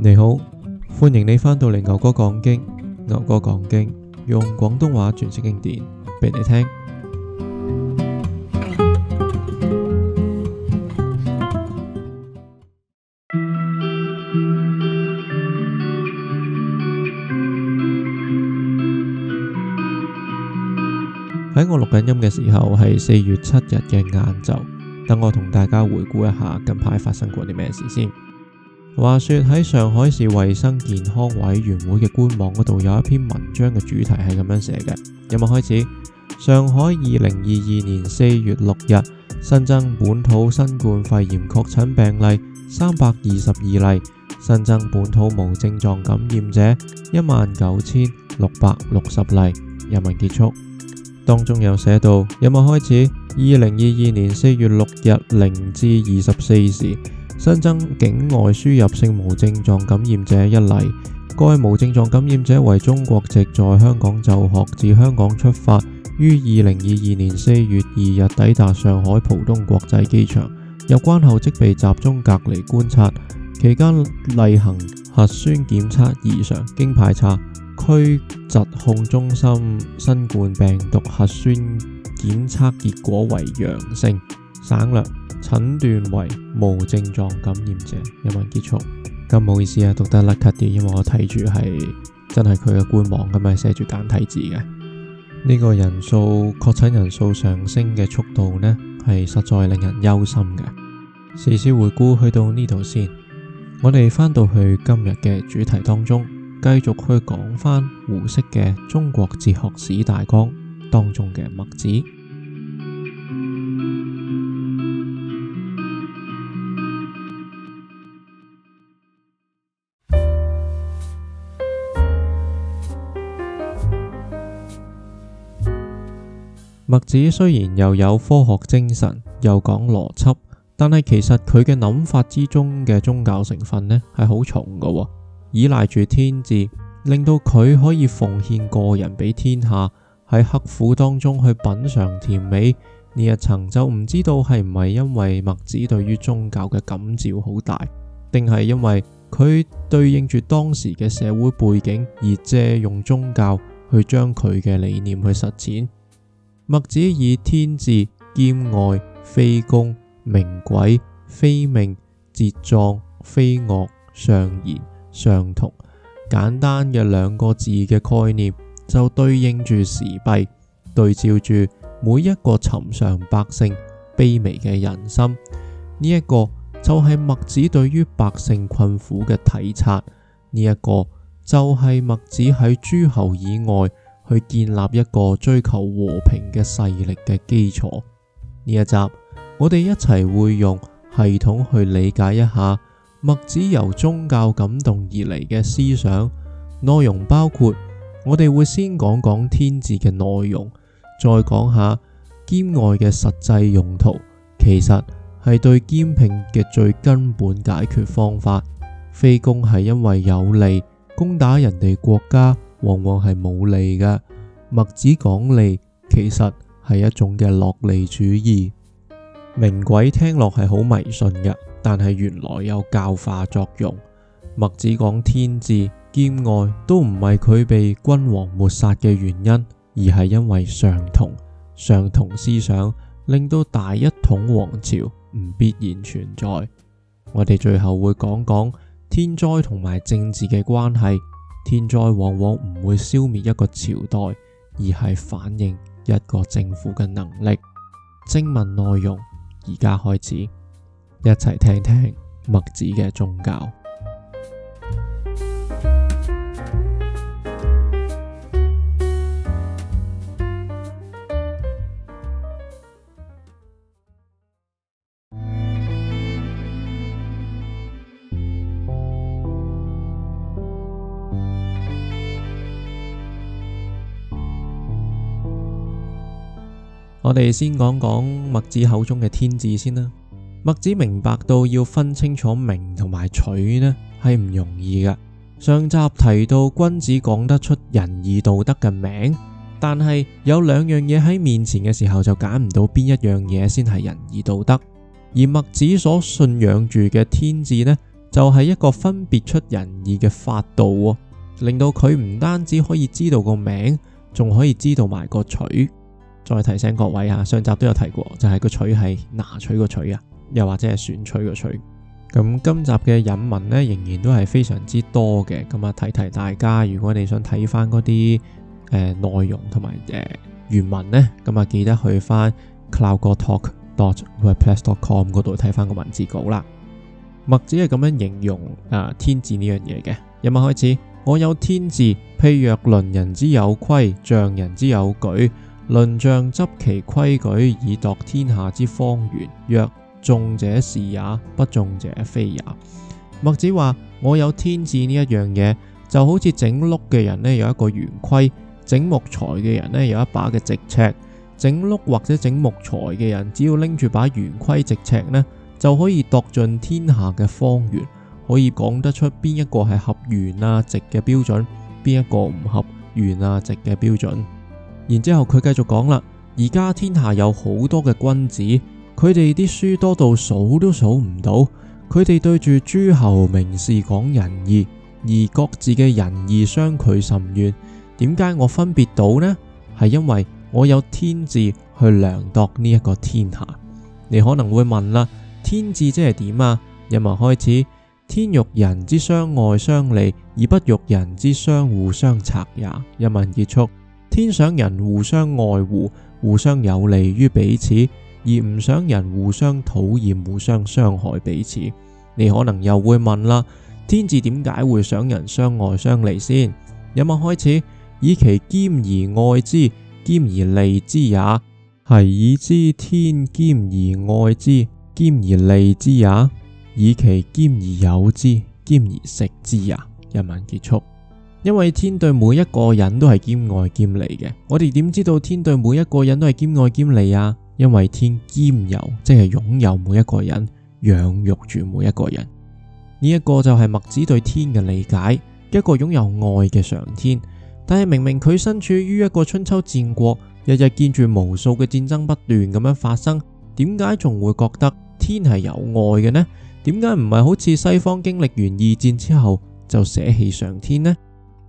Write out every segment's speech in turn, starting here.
你好，歡迎你翻到嚟牛哥講經。牛哥講經，用廣東話詮釋經典畀你聽。喺 我錄緊音嘅時候，係四月七日嘅晏晝。等我同大家回顧一下近排發生過啲咩事先。話說喺上海市衞生健康委員會嘅官網嗰度，有一篇文章嘅主題係咁樣寫嘅。有冇開始？上海二零二二年四月六日新增本土新冠肺炎確診病例三百二十二例，新增本土無症狀感染者一萬九千六百六十例。有冇結束？當中有寫到，有冇開始？二零二二年四月六日零至二十四時。新增境外輸入性無症狀感染者一例，該無症狀感染者為中國籍，在香港就學，自香港出發於二零二二年四月二日抵達上海浦東國際機場，入關後即被集中隔離觀察，期間例行核酸檢測異常，經排查，區疾控中心新冠病毒核酸檢測結果為陽性，省略。診斷為無症狀感染者。引文結束。咁唔好意思啊，讀得甩咳啲，因為我睇住係真係佢嘅官網咁係寫住簡體字嘅。呢個人數確診人數上升嘅速度呢，係實在令人憂心嘅。時事回顧去到呢度先，我哋返到去今日嘅主題當中，繼續去講返胡適嘅中國哲學史大綱當中嘅墨子。墨子雖然又有科學精神，又講邏輯，但係其實佢嘅諗法之中嘅宗教成分呢係好重噶，依賴住天志，令到佢可以奉獻個人俾天下，喺刻苦當中去品嘗甜美呢一層，就唔知道係唔係因為墨子對於宗教嘅感召好大，定係因為佢對應住當時嘅社會背景而借用宗教去將佢嘅理念去實踐。墨子以天志、兼愛、非攻、明鬼、非命、節葬、非樂、尚賢、尚同，簡單嘅兩個字嘅概念就對應住時弊，對照住每一個尋常百姓卑微嘅仁心，呢、這、一個就係墨子對於百姓困苦嘅體察，呢、這、一個就係墨子喺諸侯以外，去建立一個追求和平嘅勢力嘅基礎。呢一集我哋一齊會用系統去理解一下墨子由宗教感動而嚟嘅思想。內容包括我哋會先講講天志嘅內容，再講下兼愛嘅實際用途。其實係對兼併嘅最根本解決方法。非攻係因為有利，攻打人哋國家。往往係冇利嘅。墨子講利，其實係一種嘅樂利主義。明鬼聽落係好迷信嘅，但係原來有教化作用。墨子講天志、兼愛，都唔係佢被君王抹殺嘅原因，而係因為尚同，尚同思想令到大一統王朝唔必然存在。我哋最後會講講天災同埋政治嘅關係。天災往往唔會消滅一個朝代，而係反映一個政府嘅能力。正文內容而家開始，一齊聽聽墨子嘅宗教。我哋先講講墨子口中嘅天志先啦。墨子明白到要分清楚名同埋取呢，係唔容易㗎。上集提到君子講得出仁義道德嘅名，但係有兩樣嘢喺面前嘅時候就揀唔到邊一樣嘢先係仁義道德。而墨子所信仰住嘅天志呢，就係、是、一個分別出仁義嘅法道，令到佢唔單止可以知道個名，仲可以知道埋個取。再提醒各位嚇，上集都有提過，就係、是、個取係拿取個取啊，又或者係選取個取。咁今集嘅引文呢，仍然都係非常之多嘅。咁啊，提提大家，如果你想睇翻嗰啲誒內容同埋、呃、原文呢，咁啊，記得去翻 cowgortalk dot wordpress dot com 嗰度睇翻個文字稿啦。墨子係咁樣形容啊、呃、天志呢樣嘢嘅。一開始，我有天志，譬若論人之有規，象人之有矩。論輪匠執其規矩以度天下之方圓，曰：中者是也，不中者非也。墨子話：我有天志呢一樣嘢，就好似整碌嘅人咧有一個圓規，整木材嘅人咧有一把嘅直尺，整碌或者整木材嘅人，只要拎住把圓規、直尺咧，就可以度盡天下嘅方圓，可以講得出邊一個係合圓啊直嘅標準，邊一個唔合圓啊直嘅標準。然之後佢繼續講啦，而家天下有好多嘅君子，佢哋啲書多到數都數唔到。佢哋對住諸侯名士講仁義，而各自嘅仁義相距甚遠。點解我分別到呢？係因為我有天志去量度呢一個天下。你可能會問啦，天志即係點啊？一文開始，天欲人之相愛相利，而不欲人之相互相賊也。一文結束。天想人互相愛護，互相有利於彼此，而唔想人互相討厭、互相傷害彼此。你可能又會問啦，天志點解會想人相愛相利先？一文開始，以其兼而愛之，兼而利之也，是以知天兼而愛之，兼而利之也，以其兼而有之，兼而食之也。一文結束。因為天對每一個人都係兼愛兼利嘅，我哋點知道天對每一個人都係兼愛兼利啊？因為天兼有，即係擁有每一個人，養育住每一個人。呢一個就係墨子對天嘅理解，一個擁有愛嘅上天。但係明明佢身處於一個春秋戰國，日日見住無數嘅戰爭不斷咁樣發生，點解仲會覺得天係有愛嘅呢？點解唔係好似西方經歷完二戰之後就捨棄上天呢？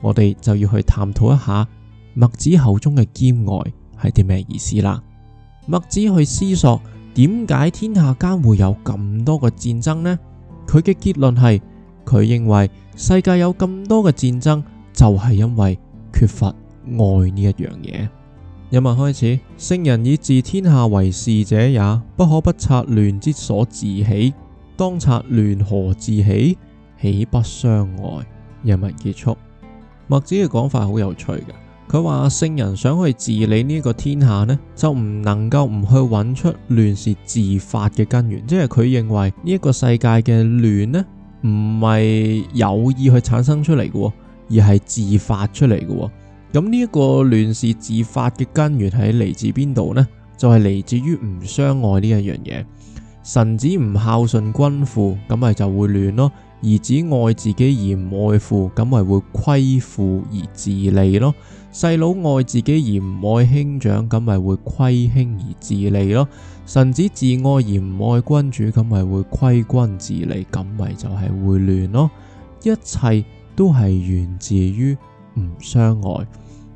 我哋就要去探討一下墨子口中嘅兼愛係啲咩意思啦。墨子去思索點解天下間會有咁多嘅戰爭呢？佢嘅結論係佢認為世界有咁多嘅戰爭就係因為缺乏愛呢一樣嘢。人物開始，聖人以治天下為事者也，不可不察亂之所自起。當察亂何自起？豈不相愛？人物結束。墨子嘅講法好有趣嘅，佢話聖人想去治理呢一個天下呢，就唔能夠唔去揾出亂是自發嘅根源，即係佢認為呢一個世界嘅亂呢，唔係有意去產生出嚟嘅，而係自發出嚟嘅。咁呢一個亂是自發嘅根源係嚟自邊度呢？就係嚟自於唔相愛呢一樣嘢，臣子唔孝順君父，咁咪就會亂咯。兒子愛自己而唔愛父，咁咪會虧父而自利咯；細佬愛自己而唔愛兄長，咁咪會虧兄而自利咯；臣子自愛而唔愛君主，咁咪會虧君自利，咁咪就係會亂咯。一切都係源自於唔相愛。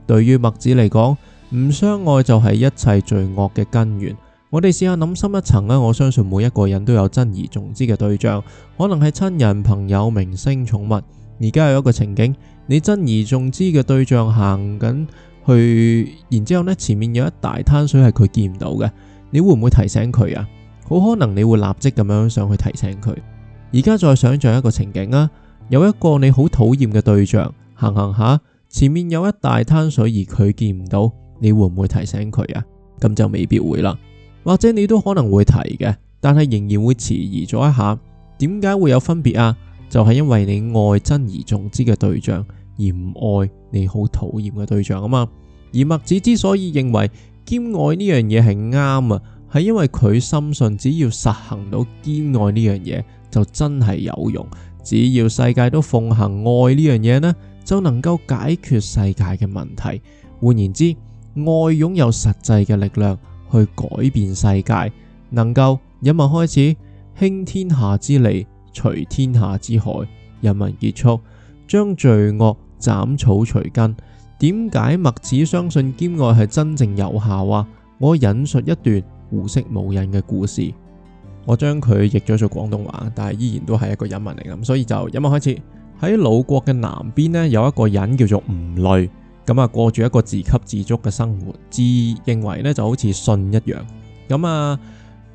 對於墨子嚟講，唔相愛就係一切罪惡嘅根源。我哋試下諗深一層咧。我相信每一個人都有珍而重之嘅對象，可能係親人、朋友、明星、寵物。而家有一個情景，你珍而重之嘅對象行緊去，然之後呢，前面有一大灘水係佢見唔到嘅，你會唔會提醒佢啊？好可能你會立即咁樣上去提醒佢。而家再想象一個情景啊，有一個你好討厭嘅對象行行下，前面有一大灘水而佢見唔到，你會唔會提醒佢啊？咁就未必會啦。或者你都可能會提嘅，但係仍然會遲疑咗一下。點解會有分別啊？就係因為你愛珍而重之嘅對象，而唔愛你好討厭嘅對象啊嘛。而墨子之所以認為兼愛呢樣嘢係啱啊，係因為佢深信只要實行到兼愛呢樣嘢，就真係有用。只要世界都奉行愛呢樣嘢呢，就能夠解決世界嘅問題。換言之，愛擁有實際嘅力量。去改變世界，能夠引文開始，興天下之利，除天下之害。引文結束，將罪惡斬草除根。點解墨子相信兼愛係真正有效啊？我引述一段胡適無印嘅故事，我將佢譯咗做廣東話，但係依然都係一個引文嚟咁，所以就引文開始，喺魯國嘅南邊呢，有一個人叫做吳累。咁啊，過住一個自給自足嘅生活，自認為咧就好似舜一樣。咁、嗯、啊，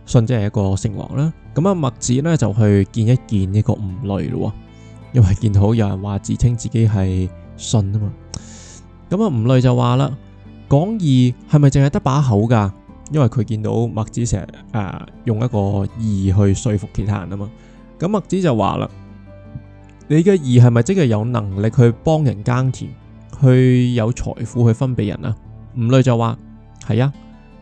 舜即係一個聖王啦。咁、嗯、啊，墨子咧就去見一見呢個吳慮咯，因為見到有人話自稱自己係舜啊嘛。咁、嗯、啊，吳慮就話啦：講義係咪淨係得把口噶？因為佢見到墨子成日誒用一個義去說服其他人啊嘛。咁、嗯、墨子就話啦：你嘅義係咪即係有能力去幫人耕田？去有財富去分俾人啊？吳慮就話係啊。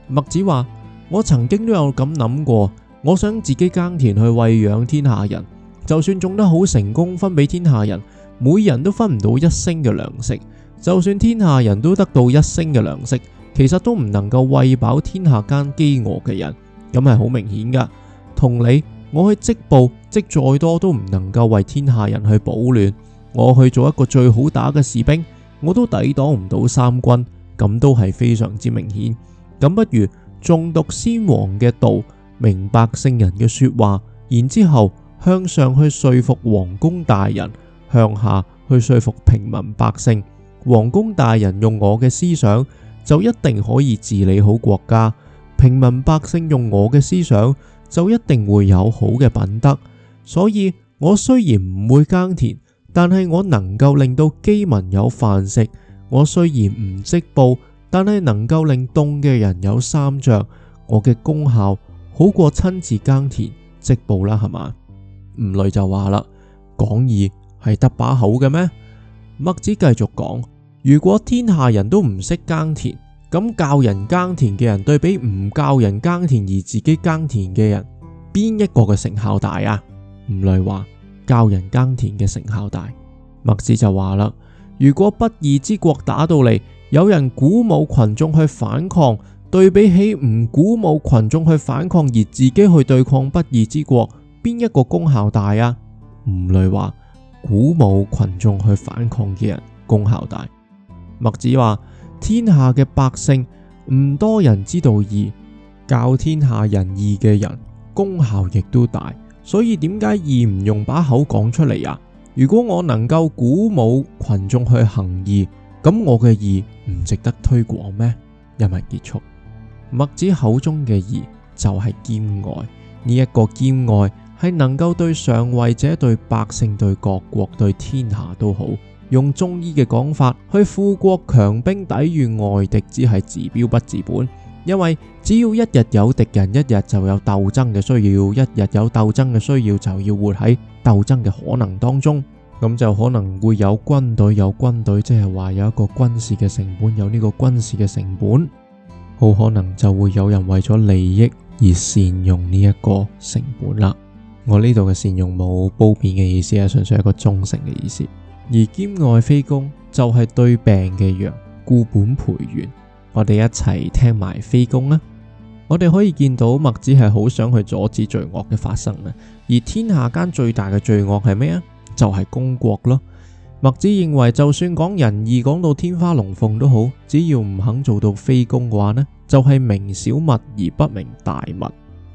墨子話：我曾經都有咁諗過，我想自己耕田去餵養天下人，就算種得好成功，分俾天下人，每人都分唔到一升嘅糧食。就算天下人都得到一升嘅糧食，其實都唔能夠餵飽天下間飢餓嘅人，咁係好明顯噶。同理，我去織布織再多都唔能夠爲天下人去保暖。我去做一個最好打嘅士兵。我都抵擋唔到三軍，咁都係非常之明顯。咁不如誦讀先王嘅道，明白聖人嘅說話，然之後向上去說服王公大人，向下去說服平民百姓。王公大人用我嘅思想，就一定可以治理好國家；平民百姓用我嘅思想，就一定會有好嘅品德。所以我雖然唔會耕田。但係我能夠令到饑民有飯食，我雖然唔織布，但係能夠令凍嘅人有衫着，我嘅功效好過親自耕田織布啦，係嘛？吳累就話啦，講義係得把口嘅咩？墨子繼續講，如果天下人都唔識耕田，咁教人耕田嘅人對比唔教人耕田而自己耕田嘅人，邊一個嘅成效大啊？吳累話。教人耕田嘅成效大，墨子就話啦，如果不義之國打到嚟，有人鼓舞群眾去反抗，對比起唔鼓舞群眾去反抗而自己去對抗不義之國，邊一個功效大啊？吳雷話：鼓舞群眾去反抗嘅人功效大。墨子話：天下嘅百姓唔多人知道義，教天下仁義嘅人功效亦都大。所以點解義唔用把口講出嚟啊？如果我能夠鼓舞群眾去行義，咁我嘅義唔值得推廣咩？因為結束，墨子口中嘅義就係兼愛。呢、這、一個兼愛係能夠對上位者、對百姓、對各國、對天下都好。用中醫嘅講法，去富國強兵，抵禦外敵，只係治標不治本。因為只要一日有敵人，一日就有鬥爭嘅需要；一日有鬥爭嘅需要，就要活喺鬥爭嘅可能當中。咁就可能會有軍隊，有軍隊，即係話有一個軍事嘅成本，有呢個軍事嘅成本，好可能就會有人為咗利益而善用呢一個成本啦。我呢度嘅善用冇褒貶嘅意思，係純粹一個中性嘅意思。而兼愛非攻，就係對病嘅藥，固本培元。我哋一齊聽埋非攻啦！我哋可以見到墨子係好想去阻止罪惡嘅發生啊！而天下間最大嘅罪惡係咩啊？就係攻國咯。墨子認為，就算講仁義，講到天花龍鳳都好，只要唔肯做到非攻嘅話呢，就係明小物而不明大物。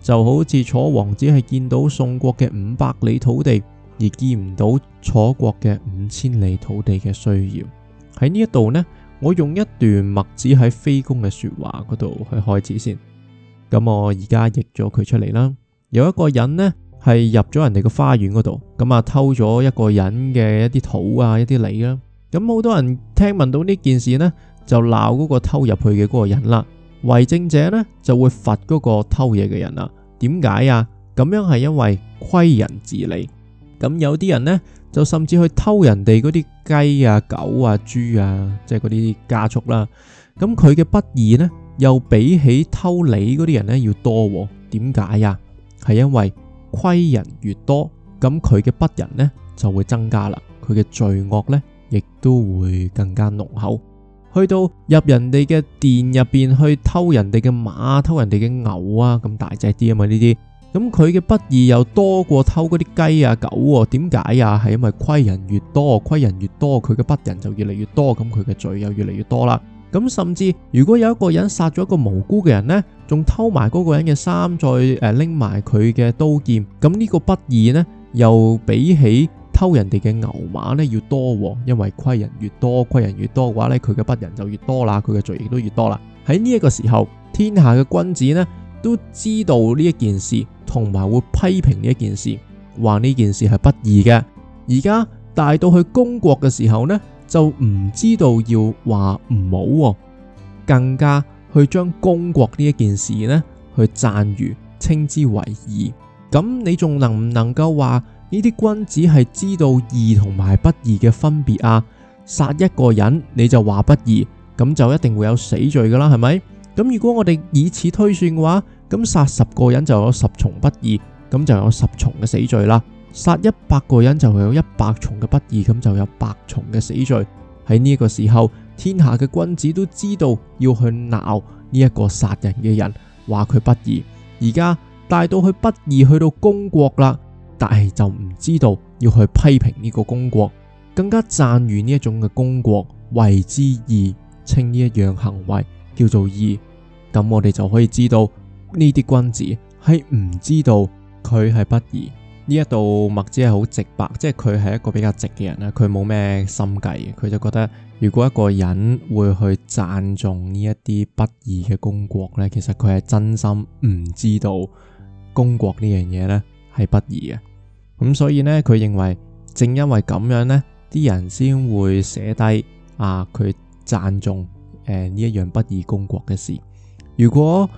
就好似楚王只係見到宋國嘅五百里土地，而見唔到楚國嘅五千里土地嘅需要。喺呢一度呢？我用一段墨子喺非攻嘅說話嗰度去開始先，咁我而家譯咗佢出嚟啦。有一個人呢係入咗人哋嘅花園嗰度，咁啊偷咗一個人嘅一啲土啊、一啲泥啦。咁好多人聽聞到呢件事呢，就鬧嗰個偷入去嘅嗰個人啦。為政者呢就會罰嗰個偷嘢嘅人啦。點解啊？咁樣係因為虧人自利。咁有啲人呢？就甚至去偷人哋嗰啲雞啊、狗啊、豬啊，即係嗰啲家畜啦、啊。咁佢嘅不義呢，又比起偷你嗰啲人呢要多。點解啊？係因為虧人越多，咁佢嘅不仁呢就會增加啦。佢嘅罪惡呢亦都會更加濃厚。去到入人哋嘅殿入邊去偷人哋嘅馬、偷人哋嘅牛啊，咁大隻啲啊嘛呢啲。咁佢嘅不義又多過偷嗰啲雞啊狗啊？點解啊？係因為虧人越多，虧人越多，佢嘅不仁就越嚟越多，咁佢嘅罪又越嚟越多啦。咁甚至如果有一個人殺咗一個無辜嘅人呢，仲偷埋嗰個人嘅衫，再誒拎埋佢嘅刀劍，咁呢個不義呢，又比起偷人哋嘅牛馬呢要多。因為虧人越多，虧人越多嘅話呢，佢嘅不仁就越多啦，佢嘅罪亦都越多啦。喺呢一個時候，天下嘅君子呢？都知道呢一件事，同埋會批評呢一件事，話呢件事係不義嘅。而家大到去攻國嘅時候呢，就唔知道要話唔好，更加去將攻國呢一件事呢，去讚譽稱之為義。咁你仲能唔能夠話呢啲君子係知道義同埋不義嘅分別啊？殺一個人你就話不義，咁就一定會有死罪噶啦，係咪？咁如果我哋以此推算嘅話，咁殺十個人就有十重不義，咁就有十重嘅死罪啦。殺一百個人就有一百重嘅不義，咁就有百重嘅死罪。喺呢一個時候，天下嘅君子都知道要去鬧呢一個殺人嘅人，話佢不義。而家大到佢不義去到攻國啦，但係就唔知道要去批評呢個攻國，更加讚譽呢一種嘅攻國為之義，稱呢一樣行為叫做義。咁我哋就可以知道呢啲君子係唔知道佢係不義。呢一度墨子係好直白，即係佢係一個比較直嘅人啦。佢冇咩心計，佢就覺得如果一個人會去讚頌呢一啲不義嘅功國呢，其實佢係真心唔知道功國呢樣嘢，呢係不義嘅。咁所以呢，佢認為正因為咁樣呢，啲人先會寫低啊，佢讚頌呢、呃、一樣不義功國嘅事。如果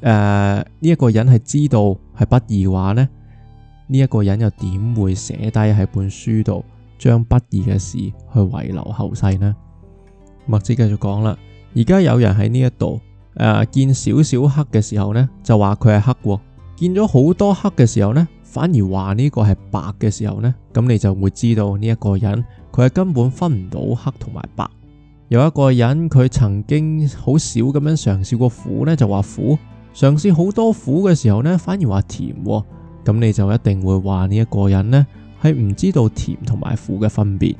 誒呢一個人係知道係不義嘅話呢，呢一個人又點會寫低喺本書度將不義嘅事去遺留後世呢？墨子繼續講啦，而家有人喺呢一度誒見少少黑嘅時候呢，就話佢係黑；見咗好多黑嘅時候呢，反而話呢個係白嘅時候呢，咁你就會知道呢一個人佢係根本分唔到黑同埋白。有一個人，佢曾經好少咁樣嘗試過苦呢，就話苦。嘗試好多苦嘅時候呢，反而話甜喎。咁你就一定會話呢一個人呢係唔知道甜同埋苦嘅分別。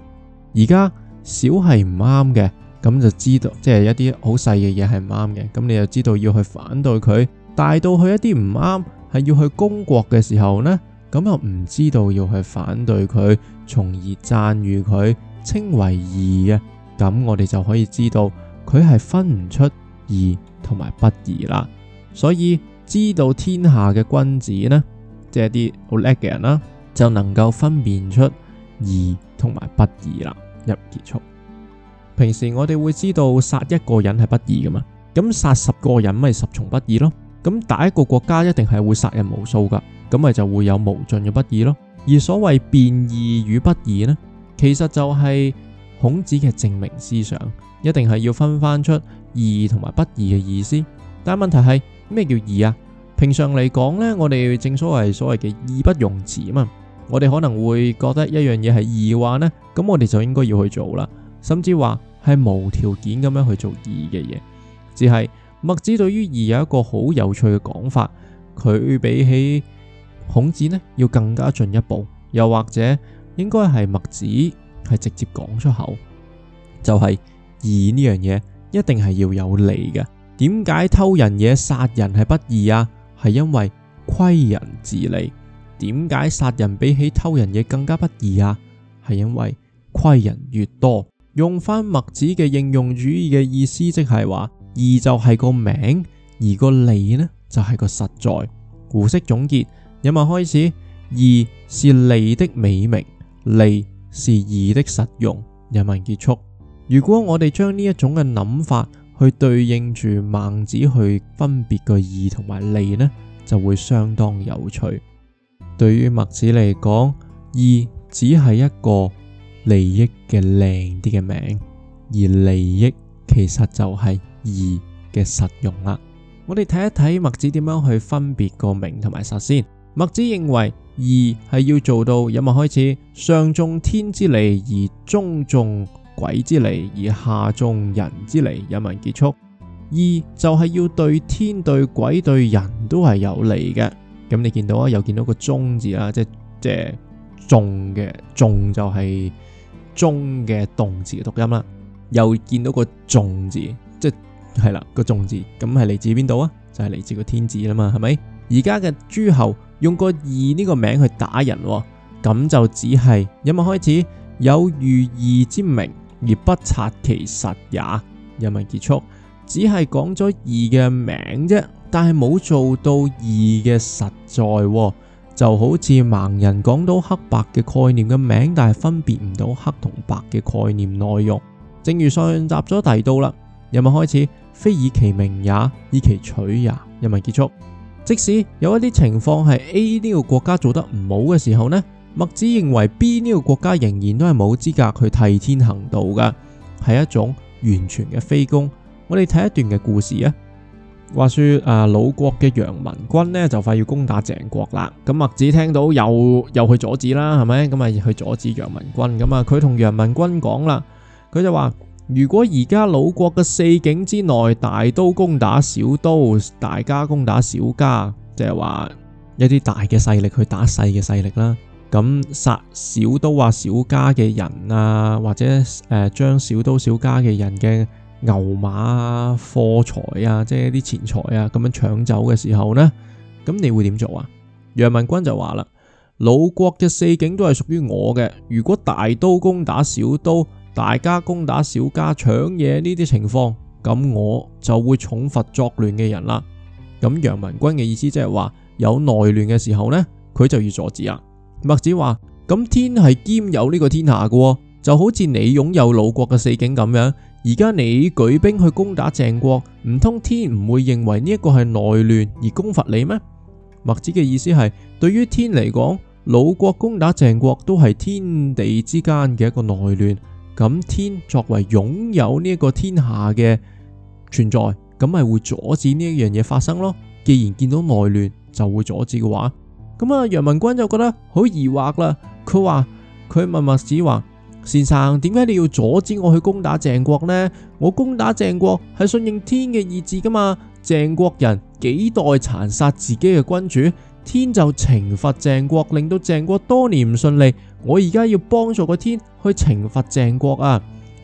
而家少係唔啱嘅，咁就知道即係、就是、一啲好細嘅嘢係唔啱嘅，咁你就知道要去反對佢。大到去一啲唔啱係要去攻國嘅時候呢，咁又唔知道要去反對佢，從而讚譽佢，稱為義啊。咁我哋就可以知道佢係分唔出義同埋不義啦，所以知道天下嘅君子呢，即係啲好叻嘅人啦、啊，就能夠分辨出義同埋不義啦。一結束，平時我哋會知道殺一個人係不義噶嘛，咁殺十個人咪十重不義咯。咁打一個國家一定係會殺人無數噶，咁咪就會有無盡嘅不義咯。而所謂辨義與不義呢，其實就係、是。孔子嘅正名思想一定係要分翻出義同埋不義嘅意思，但係問題係咩叫義啊？平常嚟講呢，我哋正所謂所謂嘅義不容辭啊嘛，我哋可能會覺得一樣嘢係義話呢，咁我哋就應該要去做啦，甚至話係無條件咁樣去做義嘅嘢。只係墨子對於義有一個好有趣嘅講法，佢比起孔子呢要更加進一步，又或者應該係墨子。係直接講出口，就係義呢樣嘢一定係要有利嘅。點解偷人嘢殺人係不義啊？係因為虧人自利。點解殺人比起偷人嘢更加不義啊？係因為虧人越多。用返墨子嘅應用主義嘅意思即，即係話義就係個名，而個利呢就係、是、個實在。胡適總結：引文開始，義是利的美名，利。是義的實用，人民結束。如果我哋將呢一種嘅諗法去對應住孟子去分別個義同埋利呢，就會相當有趣。對於墨子嚟講，義只係一個利益嘅靚啲嘅名，而利益其實就係義嘅實用啦。我哋睇一睇墨子點樣去分別個名同埋實先。墨子認為。二係要做到，引文開始，上中天之利，而中中鬼之利，而下中人之利，引文結束。二就係要對天、對鬼、對人都係有利嘅。咁你見到啊，又見到個中字啦、啊，即係即係中嘅中」中就係中嘅動詞嘅讀音啦。又見到個重字，即係係啦個重字，咁係嚟自邊度啊？就係、是、嚟自個天子啦嘛，係咪？而家嘅諸侯。用個義呢個名去打人，哦，咁就只係引文開始有譽義之名而不察其實也。引文結束，只係講咗義嘅名啫，但係冇做到義嘅實在，哦。就好似盲人講到黑白嘅概念嘅名，但係分別唔到黑同白嘅概念內容。正如上集咗提到啦，引文開始非以其名也，以其取也。引文結束。即使有一啲情況係 A 呢個國家做得唔好嘅時候呢，墨子認為 B 呢個國家仍然都係冇資格去替天行道㗎，係一種完全嘅非攻。我哋睇一段嘅故事啊，話說啊魯國嘅陽文君呢就快要攻打鄭國啦，咁墨子聽到又又去阻止啦，係咪？咁啊去阻止陽文君，咁啊佢同陽文君講啦，佢就話。如果而家魯國嘅四境之內，大都攻打小都，大家攻打小家，即係話一啲大嘅勢力去打細嘅勢力啦，咁殺小都啊小家嘅人啊，或者誒、呃、將小都小家嘅人嘅牛馬、啊、貨財啊，即係啲錢財啊，咁樣搶走嘅時候呢，咁你會點做啊？陽文君就話啦，魯國嘅四境都係屬於我嘅，如果大都攻打小都。大家攻打小家搶嘢呢啲情況，咁我就會重罰作亂嘅人啦。咁陽文君嘅意思即係話有內亂嘅時候呢，佢就要阻止啊。墨子話：咁天係兼有呢個天下嘅，哦，就好似你擁有魯國嘅四境咁樣。而家你舉兵去攻打鄭國，唔通天唔會認為呢一個係內亂而攻伐你咩？墨子嘅意思係對於天嚟講，魯國攻打鄭國都係天地之間嘅一個內亂。咁天作為擁有呢一個天下嘅存在，咁係會阻止呢一樣嘢發生咯。既然見到內亂就會阻止嘅話，咁啊陽文君就覺得好疑惑啦。佢話佢問墨子話：先生點解你要阻止我去攻打鄭國呢？我攻打鄭國係順應天嘅意志噶嘛？鄭國人幾代殘殺自己嘅君主，天就懲罰鄭國，令到鄭國多年唔順利。我而家要幫助個天去懲罰鄭國啊！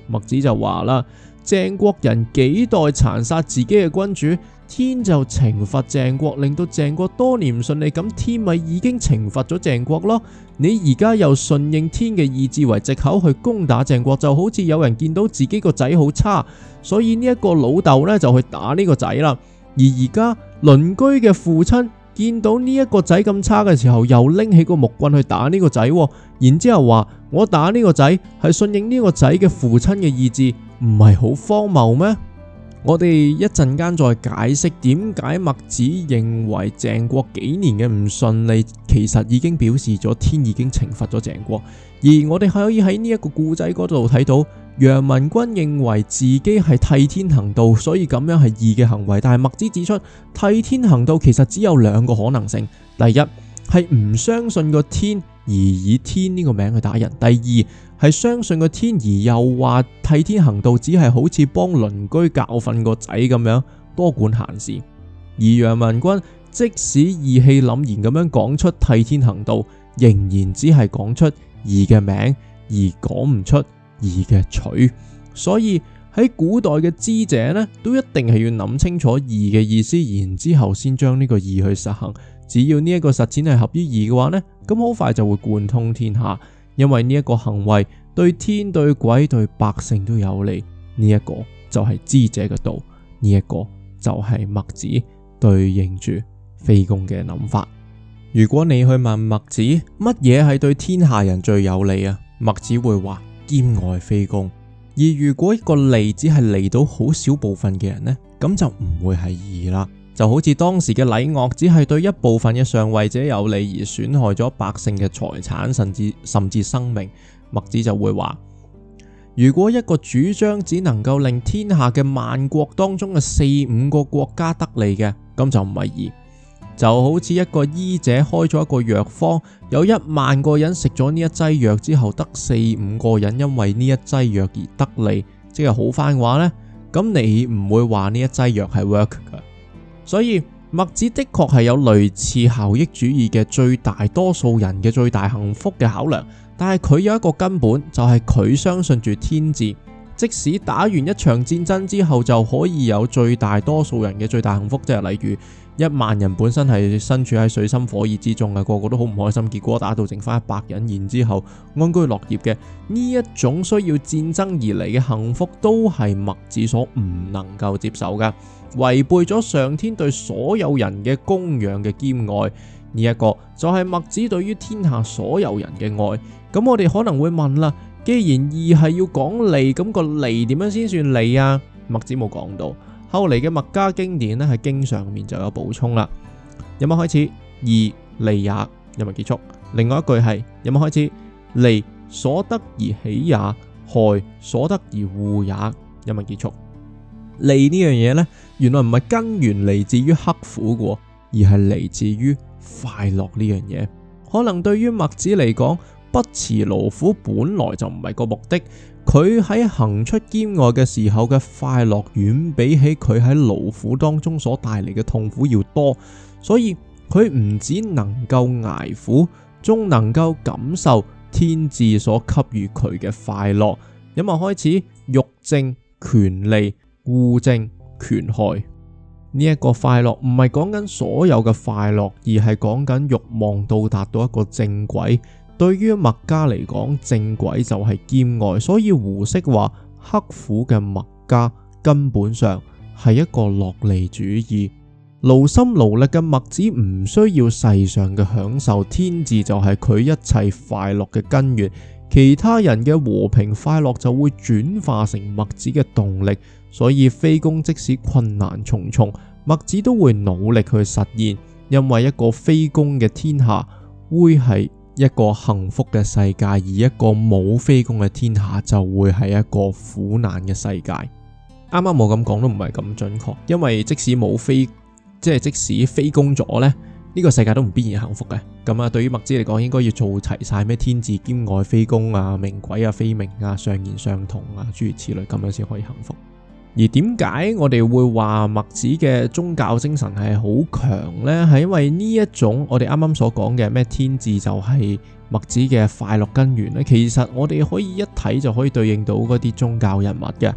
墨子就話啦：鄭國人幾代殘殺自己嘅君主，天就懲罰鄭國，令到鄭國多年唔順利。咁天咪已經懲罰咗鄭國咯。你而家又順應天嘅意志為藉口去攻打鄭國，就好似有人見到自己個仔好差，所以爸爸呢一個老豆呢就去打呢個仔啦。而而家鄰居嘅父親。見到呢一個仔咁差嘅時候，又拎起個木棍去打呢個仔，哦，然之後話我打呢個仔係順應呢個仔嘅父親嘅意志，唔係好荒謬咩？ 我哋一陣間再解釋點解墨子認為鄭國幾年嘅唔順利，其實已經表示咗天已經懲罰咗鄭國，而我哋可以喺呢一個故仔嗰度睇到。楊文軍認為自己係替天行道，所以咁樣係義嘅行為。但係墨子指出，替天行道其實只有兩個可能性：第一係唔相信個天而以天呢個名去打人；第二係相信個天而又話替天行道，只係好似幫鄰居教訓個仔咁樣多管閒事。而楊文君即使義氣凜然咁樣講出替天行道，仍然只係講出義嘅名，而講唔出。二嘅取，所以喺古代嘅知者呢，都一定係要諗清楚義嘅意思，然之後先將呢個義去實行。只要呢一個實踐係合於義嘅話呢，咁好快就會貫通天下，因為呢一個行為對天、對鬼、對百姓都有利。呢一個就係知者嘅道，呢一個就係墨子對應住非攻嘅諗法。如果你去問墨子乜嘢係對天下人最有利啊，墨子會話。兼愛非攻，而如果一個利只係嚟到好少部分嘅人呢，咁就唔會係義啦。就好似當時嘅禮樂只係對一部分嘅上位者有利，而損害咗百姓嘅財產甚至甚至生命，墨子就會話：如果一個主張只能夠令天下嘅萬國當中嘅四五個國家得利嘅，咁就唔係義。就好似一個醫者開咗一個藥方，有一萬個人食咗呢一劑藥之後，得四五個人因為呢一劑藥而得利，即係好翻嘅話呢，咁你唔會話呢一劑藥係 work 噶。所以墨子的確係有類似效益主義嘅最大多數人嘅最大幸福嘅考量，但係佢有一個根本，就係佢相信住天志，即使打完一場戰爭之後就可以有最大多數人嘅最大幸福，即係例如。一萬人本身係身處喺水深火熱之中嘅，個個都好唔開心。結果打到剩返一百人，然之後安居樂業嘅呢一種需要戰爭而嚟嘅幸福，都係墨子所唔能夠接受嘅，違背咗上天對所有人嘅供養嘅兼愛呢一個，就係墨子對於天下所有人嘅愛。咁我哋可能會問啦，既然二係要講利，咁個利點樣先算利啊？墨子冇講到。後嚟嘅墨家經典咧，係經上面就有補充啦。有樂開始，義利也，有樂結束。另外一句係，有樂開始，利所得而喜也，害所得而惡也。有樂結束。利呢樣嘢呢，原來唔係根源嚟自於刻苦嘅，而係嚟自於快樂呢樣嘢。可能對於墨子嚟講，不辭勞苦本來就唔係個目的。佢喺行出兼外嘅時候嘅快樂，遠比起佢喺勞苦當中所帶嚟嘅痛苦要多，所以佢唔止能夠挨苦，仲能夠感受天志所給予佢嘅快樂。因為，開始欲正權利，故正權害呢一個快樂，唔係講緊所有嘅快樂，而係講緊欲望到達到一個正軌。對於墨家嚟講，正軌就係兼愛，所以胡適話，刻苦嘅墨家根本上係一個樂利主義，勞心勞力嘅墨子唔需要世上嘅享受，天志就係佢一切快樂嘅根源。其他人嘅和平快樂就會轉化成墨子嘅動力，所以非攻即使困難重重，墨子都會努力去實現，因為一個非攻嘅天下會係。一個幸福嘅世界，而一個冇非攻嘅天下，就會係一個苦難嘅世界。啱啱我咁講都唔係咁準確，因為即使冇非，即係即使非攻咗呢，呢個世界都唔必然幸福嘅。咁啊，對於墨子嚟講，應該要做齊晒咩天志兼愛非攻啊、明鬼啊、非命啊、尚賢尚同啊諸如此類，咁樣先可以幸福。而點解我哋會話墨子嘅宗教精神係好強呢？係因為呢一種我哋啱啱所講嘅咩天志就係墨子嘅快樂根源呢。其實我哋可以一睇就可以對應到嗰啲宗教人物嘅，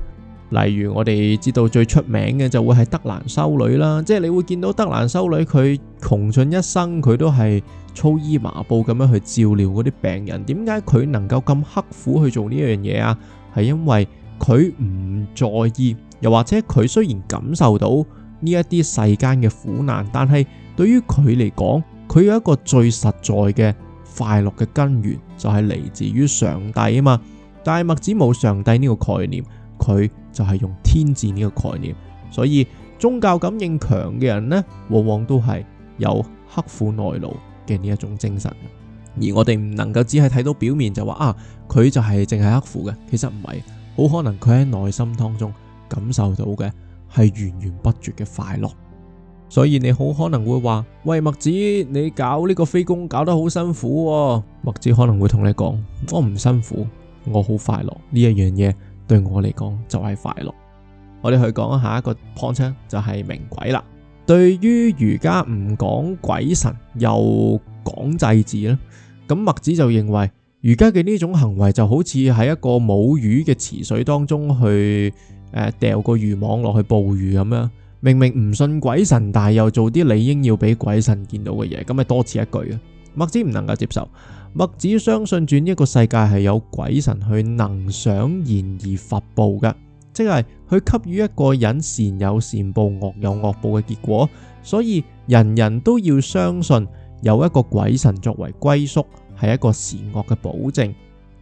例如我哋知道最出名嘅就會係德蘭修女啦。即係你會見到德蘭修女佢窮盡一生，佢都係粗衣麻布咁樣去照料嗰啲病人。點解佢能夠咁刻苦去做呢樣嘢啊？係因為佢唔在意，又或者佢雖然感受到呢一啲世間嘅苦難，但係對於佢嚟講，佢有一個最實在嘅快樂嘅根源就係嚟自於上帝啊嘛。但係墨子冇上帝呢個概念，佢就係用天志呢個概念。所以宗教感應強嘅人咧，往往都係有刻苦耐勞嘅呢一種精神。而我哋唔能夠只係睇到表面就話啊，佢就係淨係刻苦嘅，其實唔係。好可能佢喺內心當中感受到嘅係源源不絕嘅快樂，所以你好可能會話：喂墨子，你搞呢個非攻搞得好辛苦哦。墨子可能會同你講：我唔辛苦，我好快樂。呢一樣嘢對我嚟講就係快樂。我哋去講下一個 point，就係明鬼啦。對於儒家唔講鬼神又講祭祀啦，咁墨子就認為。而家嘅呢種行為就好似喺一個冇魚嘅池水當中去誒掉、呃、個漁網落去捕魚咁樣，明明唔信鬼神，但又做啲理應要俾鬼神見到嘅嘢，咁咪多此一舉嘅。墨子唔能夠接受，墨子相信住呢一個世界係有鬼神去能賞善而罰惡嘅，即係佢給予一個人善有善報、惡有惡報嘅結果，所以人人都要相信有一個鬼神作為歸宿。係一個善惡嘅保證。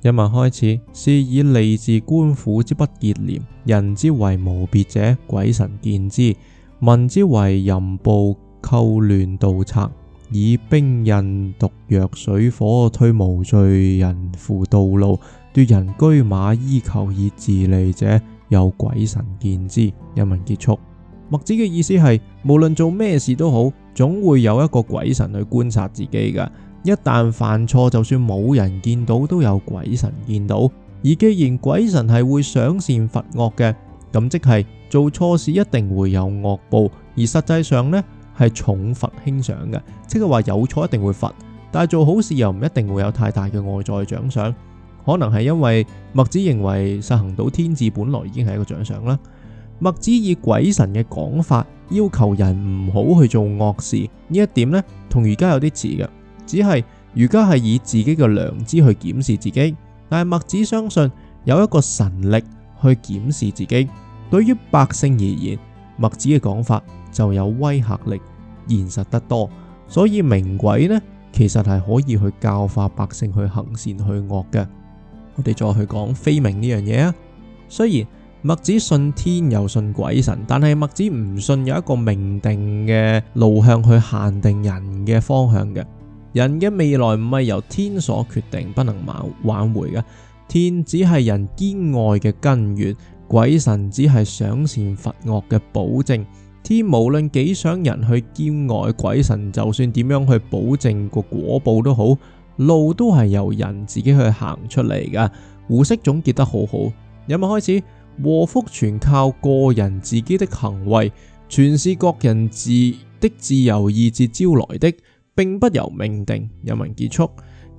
一文開始，是以吏治官府之不潔廉，人之為無別者，鬼神見之，民之為淫暴寇亂盜賊，以兵刃毒藥水火推無罪人負道路奪人居馬衣裘以自利者，有鬼神見之。一文結束，墨子嘅意思係無論做咩事都好，總會有一個鬼神去觀察自己噶。一旦犯錯，就算冇人見到，都有鬼神見到。而既然鬼神係會賞善罰惡嘅，咁即係做錯事一定會有惡報。而實際上呢，係重罰輕賞嘅，即係話有錯一定會罰，但係做好事又唔一定會有太大嘅外在獎賞。可能係因為墨子認為實行到天志本來已經係一個獎賞啦。墨子以鬼神嘅講法要求人唔好去做惡事，呢一點呢，同而家有啲似嘅。只係，儒家係以自己嘅良知去檢視自己，但係墨子相信有一個神力去檢視自己。對於百姓而言，墨子嘅講法就有威嚇力，現實得多。所以明鬼呢，其實係可以去教化百姓去行善去惡嘅。我哋再去講非命呢樣嘢啊。雖然墨子信天又信鬼神，但係墨子唔信有一個命定嘅路向去限定人嘅方向嘅。人嘅未來唔係由天所決定，不能挽挽回嘅。天只係人兼愛嘅根源，鬼神只係賞善罰惡嘅保證。天無論幾想人去兼愛，鬼神就算點樣去保證個果報都好，路都係由人自己去行出嚟嘅。胡適總結得好好。今日開始，禍福全靠個人自己的行為，全是各人自的自由意志招來的。並不由命定，人民結束。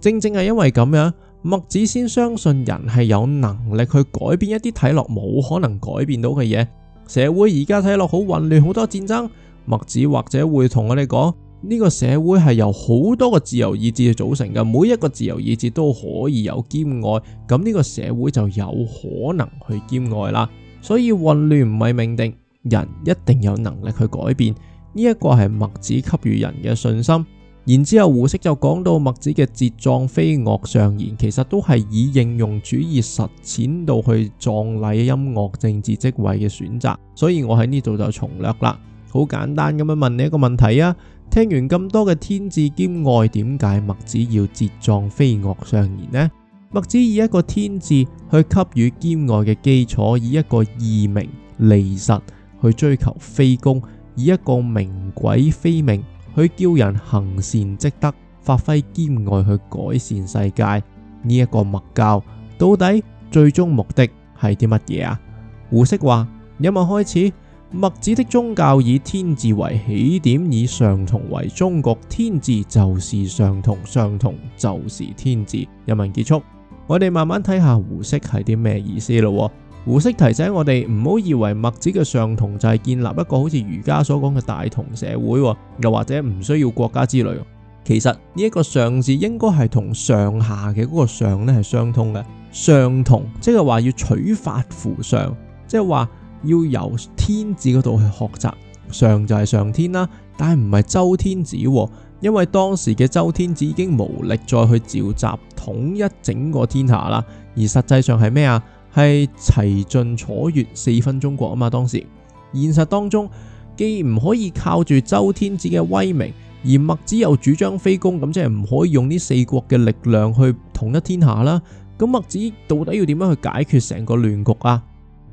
正正係因為咁樣，墨子先相信人係有能力去改變一啲睇落冇可能改變到嘅嘢。社會而家睇落好混亂，好多戰爭，墨子或者會同我哋講，呢個社會係由好多個自由意志去組成嘅，每一個自由意志都可以有兼愛，咁呢個社會就有可能去兼愛啦。所以混亂唔係命定，人一定有能力去改變。呢一個係墨子給予人嘅信心。然之後，胡適就講到墨子嘅節葬、非樂、尚賢，其實都係以應用主義實踐到去葬禮、音樂、政治職位嘅選擇，所以我喺呢度就從略啦。好簡單咁樣問你一個問題啊！聽完咁多嘅天志、兼愛，點解墨子要節葬、非樂、尚賢呢？墨子以一個天志去給予兼愛嘅基礎，以一個義名利實去追求非攻，以一個明鬼、非命。佢叫人行善積德，發揮兼愛去改善世界。呢、這、一個墨教到底最終目的係啲乜嘢啊？胡適話：引文開始，墨子的宗教以天志為起點，以尚同為中國天志就是尚同，尚同就是天志。引文結束，我哋慢慢睇下胡適係啲咩意思咯。胡適提醒我哋唔好以為墨子嘅尚同就係建立一個好似儒家所講嘅大同社會，又或者唔需要國家之類。其實呢一個上字應該係同上下嘅嗰個上呢係相通嘅。尚同即係話要取法乎上，即係話要由天子嗰度去學習。上就係上天啦，啊，但係唔係周天子，啊，因為當時嘅周天子已經無力再去召集統一整個天下啦。而實際上係咩啊？係齊晉楚越四分中國啊嘛！當時現實當中既唔可以靠住周天子嘅威名，而墨子又主張非攻，咁即係唔可以用呢四國嘅力量去統一天下啦。咁墨子到底要點樣去解決成個亂局啊？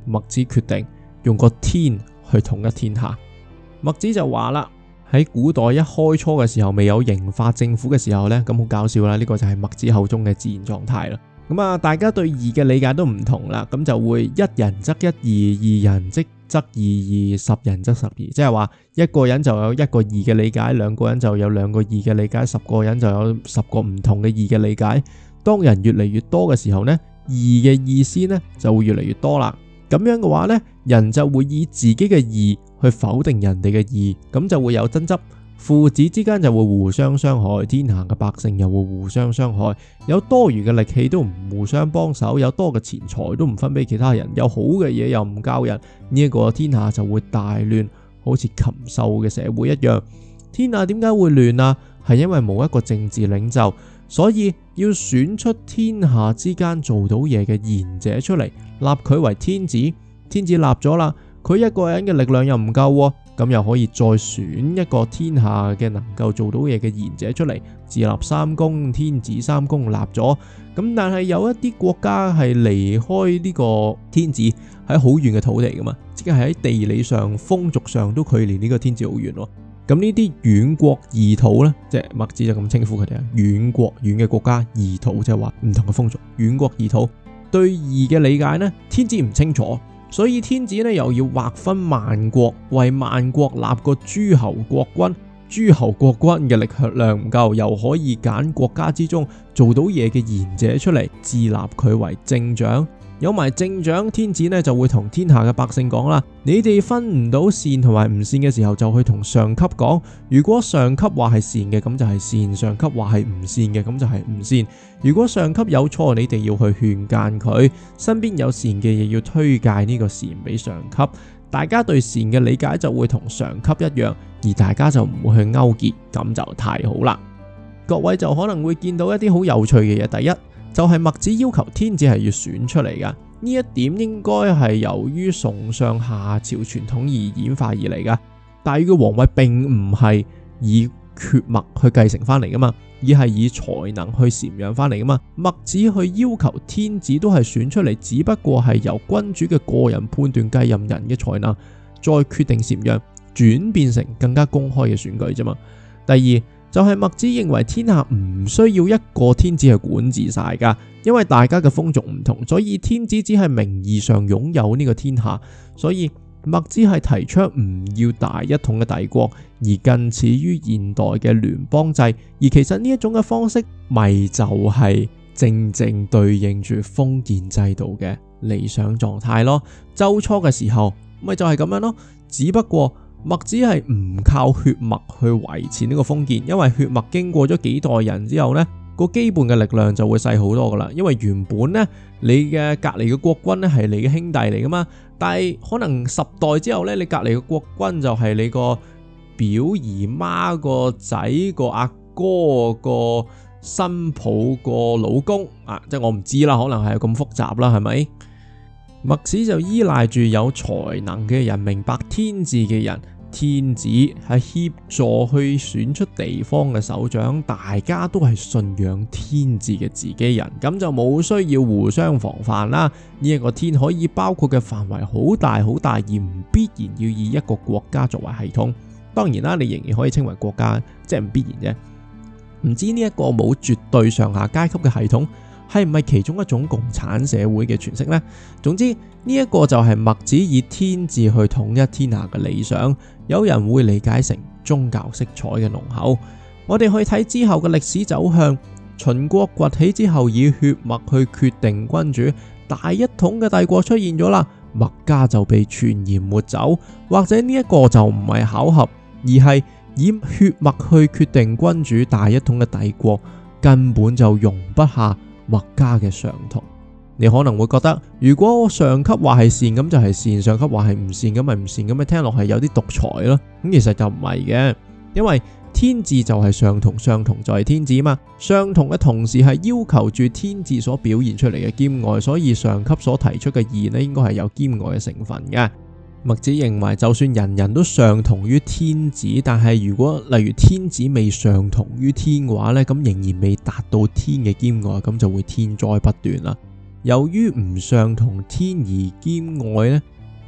墨子決定用個天去統一天下。墨子就話啦：喺古代一開初嘅時候未有刑法政府嘅時候呢，咁好搞笑啦！呢個就係墨子口中嘅自然狀態啦。咁啊，大家對義嘅理解都唔同啦，咁就會一人則一義，二人即則，則二義，十人則十義，即係話一個人就有一個義嘅理解，兩個人就有兩個義嘅理解，十個人就有十個唔同嘅義嘅理解。當人越嚟越多嘅時候呢，義嘅意思呢就會越嚟越多啦。咁樣嘅話呢，人就會以自己嘅義去否定人哋嘅義，咁就會有爭執。父子之間就會互相傷害，天下嘅百姓又會互相傷害，有多餘嘅力氣都唔互相幫手，有多嘅錢財都唔分俾其他人，有好嘅嘢，又唔教人，呢一個天下就會大亂，好似禽獸嘅社會一樣。天下點解會亂啊？係因為冇一個政治領袖，所以要選出天下之間做到嘢嘅賢者出嚟，立佢為天子。天子立咗啦，佢一個人嘅力量又唔夠啊。咁又可以再選一個天下嘅能夠做到嘢嘅賢者出嚟，自立三公，天子三公立咗。咁但係有一啲國家係離開呢個天子喺好遠嘅土地噶嘛，即係喺地理上、風俗上都距離呢個天子好遠咯。咁呢啲遠國異土呢，即係墨子就咁稱呼佢哋啊，遠國遠嘅國家異土，即係話唔同嘅風俗。遠國異土對異嘅理解呢，天子唔清楚。所以天子咧又要劃分萬國，為萬國立個諸侯國君。諸侯國君嘅力量唔夠，又可以揀國家之中做到嘢嘅賢者出嚟，自立佢為政長。有埋政長天子呢，就會同天下嘅百姓講啦：你哋分唔到善同埋唔善嘅時候，就去同上級講。如果上級話係善嘅，咁就係善；上級話係唔善嘅，咁就係唔善。如果上級有錯，你哋要去勸諫佢。身邊有善嘅嘢，要推介呢個善俾上級。大家對善嘅理解就會同上級一樣，而大家就唔會去勾結，咁就太好啦。各位就可能會見到一啲好有趣嘅嘢。第一。就係墨子要求天子係要選出嚟噶，呢一點應該係由於崇尚夏朝傳統而演化而嚟噶。大禹嘅皇位並唔係以血脈去繼承翻嚟噶嘛，而係以才能去禪讓翻嚟噶嘛。墨子去要求天子都係選出嚟，只不過係由君主嘅個人判斷繼任人嘅才能，再決定禪讓，轉變成更加公開嘅選舉啫嘛。第二。就係墨子認為天下唔需要一個天子係管治晒噶因為大家嘅風俗唔同，所以天子只係名義上擁有呢個天下。所以墨子係提出唔要大一統嘅帝國，而近似於現代嘅聯邦制。而其實呢一種嘅方式，咪就係正正對應住封建制度嘅理想狀態咯。周初嘅時候，咪就係、是、咁樣咯。只不過。墨子係唔靠血脈去維持呢個封建，因為血脈經過咗幾代人之後呢個基本嘅力量就會細好多噶啦。因為原本呢，你嘅隔籬嘅國君咧係你嘅兄弟嚟噶嘛，但係可能十代之後呢，你隔籬嘅國君就係你個表姨媽個仔個阿哥個新抱個老公啊，即係我唔知啦，可能係咁複雜啦，係咪？墨子就依賴住有才能嘅人，明白天志嘅人。天子係協助去選出地方嘅首長，大家都係信仰天子嘅自己人，咁就冇需要互相防範啦。呢一個天可以包括嘅範圍好大好大，而唔必然要以一個國家作為系統。當然啦，你仍然可以稱為國家，即係唔必然啫。唔知呢一個冇絕對上下階級嘅系統係唔係其中一種共產社會嘅詮釋呢？總之呢一個就係墨子以天子去統一天下嘅理想。有人會理解成宗教色彩嘅濃厚，我哋去睇之後嘅歷史走向。秦國崛起之後，以血脈去決定君主，大一統嘅帝國出現咗啦，墨家就被全然抹走。或者呢一個就唔係巧合，而係以血脈去決定君主，大一統嘅帝國根本就容不下墨家嘅尚同。你可能會覺得，如果上級話係善咁就係善，上級話係唔善咁咪唔善咁，咪聽落係有啲獨裁咯。咁其實就唔係嘅，因為天志就係上同，上同就係天子嘛，上同嘅同時係要求住天志所表現出嚟嘅兼愛，所以上級所提出嘅義呢應該係有兼愛嘅成分嘅。墨子認為，就算人人都上同於天子，但係如果例如天子未上同於天嘅話呢，咁仍然未達到天嘅兼愛，咁就會天災不斷啦。由於唔上同天而兼愛，呢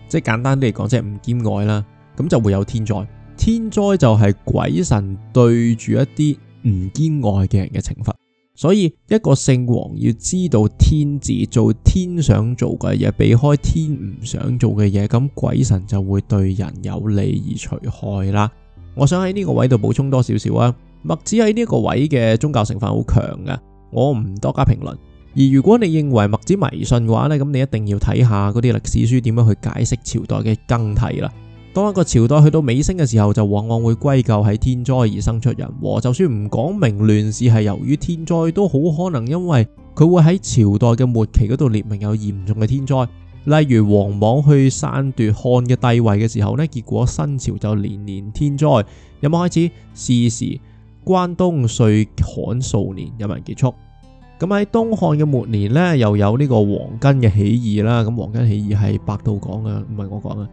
即係簡單啲嚟講，即係唔兼愛啦，咁就會有天災。天災就係鬼神對住一啲唔兼愛嘅人嘅懲罰。所以一個聖王要知道天志，做天想做嘅嘢，避開天唔想做嘅嘢，咁鬼神就會對人有利而除害啦。我想喺呢個位度補充多少少啊。墨子喺呢一個位嘅宗教成分好強噶，我唔多加評論。而如果你認為墨子迷信嘅話呢，咁你一定要睇下嗰啲歷史書點樣去解釋朝代嘅更替啦。當一個朝代去到尾聲嘅時候，就往往會歸咎喺天災而生出人禍。就算唔講明亂世係由於天災，都好可能因為佢會喺朝代嘅末期嗰度列明有嚴重嘅天災。例如王莽去篡奪漢嘅帝位嘅時候呢，結果新朝就連連天災，有冇開始？是時，時關東歲旱數年，有人結束？咁喺東漢嘅末年呢，又有呢個黃巾嘅起義啦。咁黃巾起義係百度講嘅，唔係我講嘅。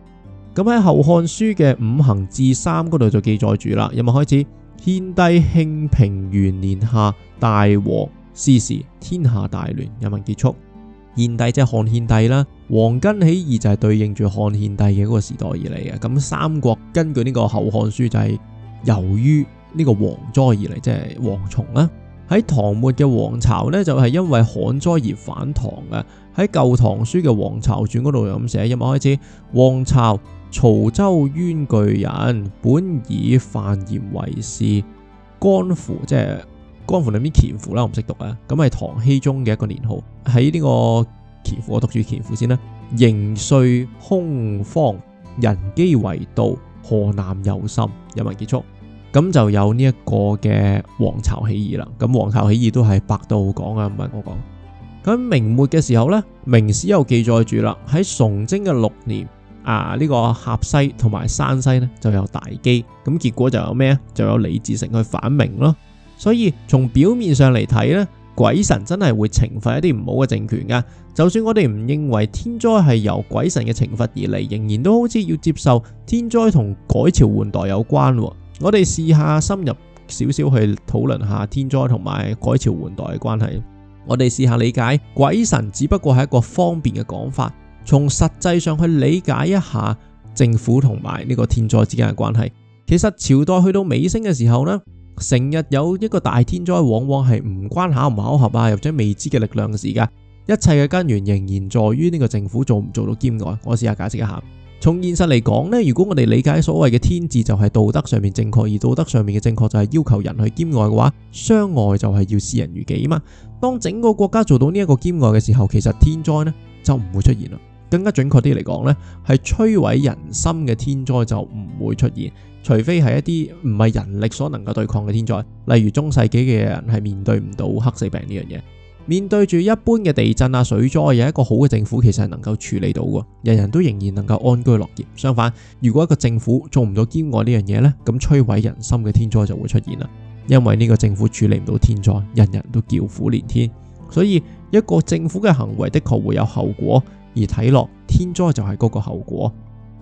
咁喺《後漢書》嘅五行至三嗰度就記載住啦。人民開始，獻帝興平元年夏大禍，是時天下大亂。人民結束，獻帝即係漢獻帝啦。黃巾起義就係對應住漢獻帝嘅嗰個時代而嚟嘅。咁三國根據呢個《後漢書》就係由於呢個蝗災而嚟，即係蝗蟲啦。喺唐末嘅黃巢呢，就係、是、因為旱災而反唐嘅。喺舊唐書嘅黃巢傳嗰度又咁寫，一文開始。黃巢曹州冤句人，本以販鹽為事，乾符即係乾符裏面「乾符啦，我唔識讀啊。咁係唐僖宗嘅一個年號。喺呢個乾符，我讀住乾符先啦。仍歲空荒，人饑為盜，河南尤甚」。一文結束。咁就有呢一個嘅王朝起義啦。咁王朝起義都係百度講啊，唔係我講。咁明末嘅時候呢，明史又記載住啦，喺崇禎嘅六年啊，呢個陝西同埋山西呢就有大饑，咁結果就有咩？就有李自成去反明咯。所以從表面上嚟睇呢，鬼神真係會懲罰一啲唔好嘅政權噶。就算我哋唔認為天災係由鬼神嘅懲罰而嚟，仍然都好似要接受天災同改朝換代有關。我哋試下深入少少去討論下天災同埋改朝換代嘅關係。我哋試下理解鬼神只不過係一個方便嘅講法，從實際上去理解一下政府同埋呢個天災之間嘅關係。其實朝代去到尾聲嘅時候呢，成日有一個大天災，往往係唔關巧唔巧合啊，或者未知嘅力量嘅事㗎。一切嘅根源仍然在於呢個政府做唔做到兼愛。我試下解釋一下。從現實嚟講咧，如果我哋理解所謂嘅天志就係道德上面正確，而道德上面嘅正確就係要求人去兼愛嘅話，相愛就係要視人如己嘛。當整個國家做到呢一個兼愛嘅時候，其實天災呢就唔會出現啦。更加準確啲嚟講呢係摧毀人心嘅天災就唔會出現，除非係一啲唔係人力所能夠對抗嘅天災，例如中世紀嘅人係面對唔到黑死病呢樣嘢。面對住一般嘅地震啊、水災，有一個好嘅政府其實係能夠處理到嘅，人人都仍然能夠安居樂業。相反，如果一個政府做唔到兼愛呢樣嘢呢，咁摧毀人心嘅天災就會出現啦。因為呢個政府處理唔到天災，人人都叫苦連天。所以一個政府嘅行為的確會有後果，而睇落天災就係嗰個後果。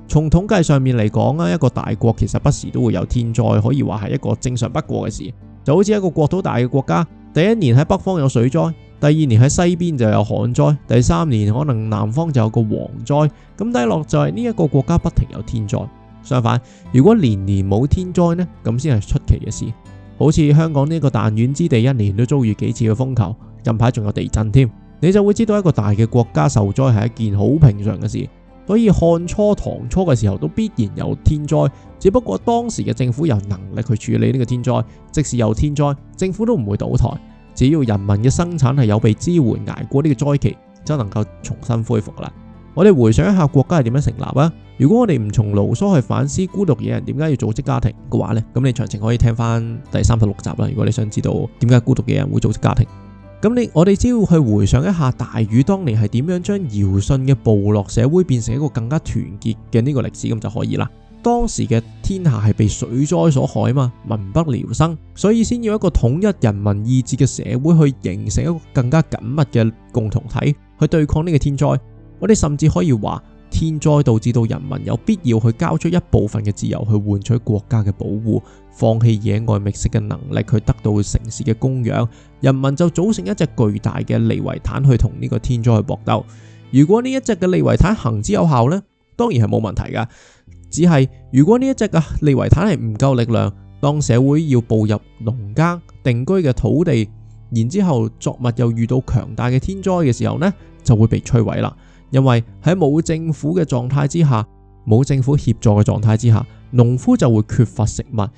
從統計上面嚟講啊，一個大國其實不時都會有天災，可以話係一個正常不過嘅事。就好似一個國土大嘅國家，第一年喺北方有水災。第二年喺西邊就有旱災，第三年可能南方就有個蝗災，咁低落就係呢一個國家不停有天災。相反，如果年年冇天災呢，咁先係出奇嘅事。好似香港呢個彈丸之地，一年都遭遇幾次嘅風球，近排仲有地震添，你就會知道一個大嘅國家受災係一件好平常嘅事。所以漢初、唐初嘅時候都必然有天災，只不過當時嘅政府有能力去處理呢個天災，即使有天災，政府都唔會倒台。只要人民嘅生產係有被支援，捱過呢個災期，就能夠重新恢復啦。我哋回想一下國家係點樣成立啊？如果我哋唔從盧梭去反思孤獨嘅人點解要組織家庭嘅話呢？咁你詳情可以聽翻第三十六集啦。如果你想知道點解孤獨嘅人會組織家庭，咁你我哋只要去回想一下大禹當年係點樣將堯舜嘅部落社會變成一個更加團結嘅呢個歷史，咁就可以啦。當時嘅天下係被水災所害啊嘛，民不聊生，所以先要一個統一人民意志嘅社會去形成一個更加緊密嘅共同體去對抗呢個天災。我哋甚至可以話，天災導致到人民有必要去交出一部分嘅自由去換取國家嘅保護，放棄野外覓食嘅能力，去得到城市嘅供養。人民就組成一隻巨大嘅利維坦去同呢個天災去搏鬥。如果呢一隻嘅利維坦行之有效呢，當然係冇問題噶。只係如果呢一隻嘅利維坦係唔夠力量，當社會要步入農耕定居嘅土地，然之後作物又遇到強大嘅天災嘅時候呢，就會被摧毀啦。因為喺冇政府嘅狀態之下，冇政府協助嘅狀態之下，農夫就會缺乏食物，而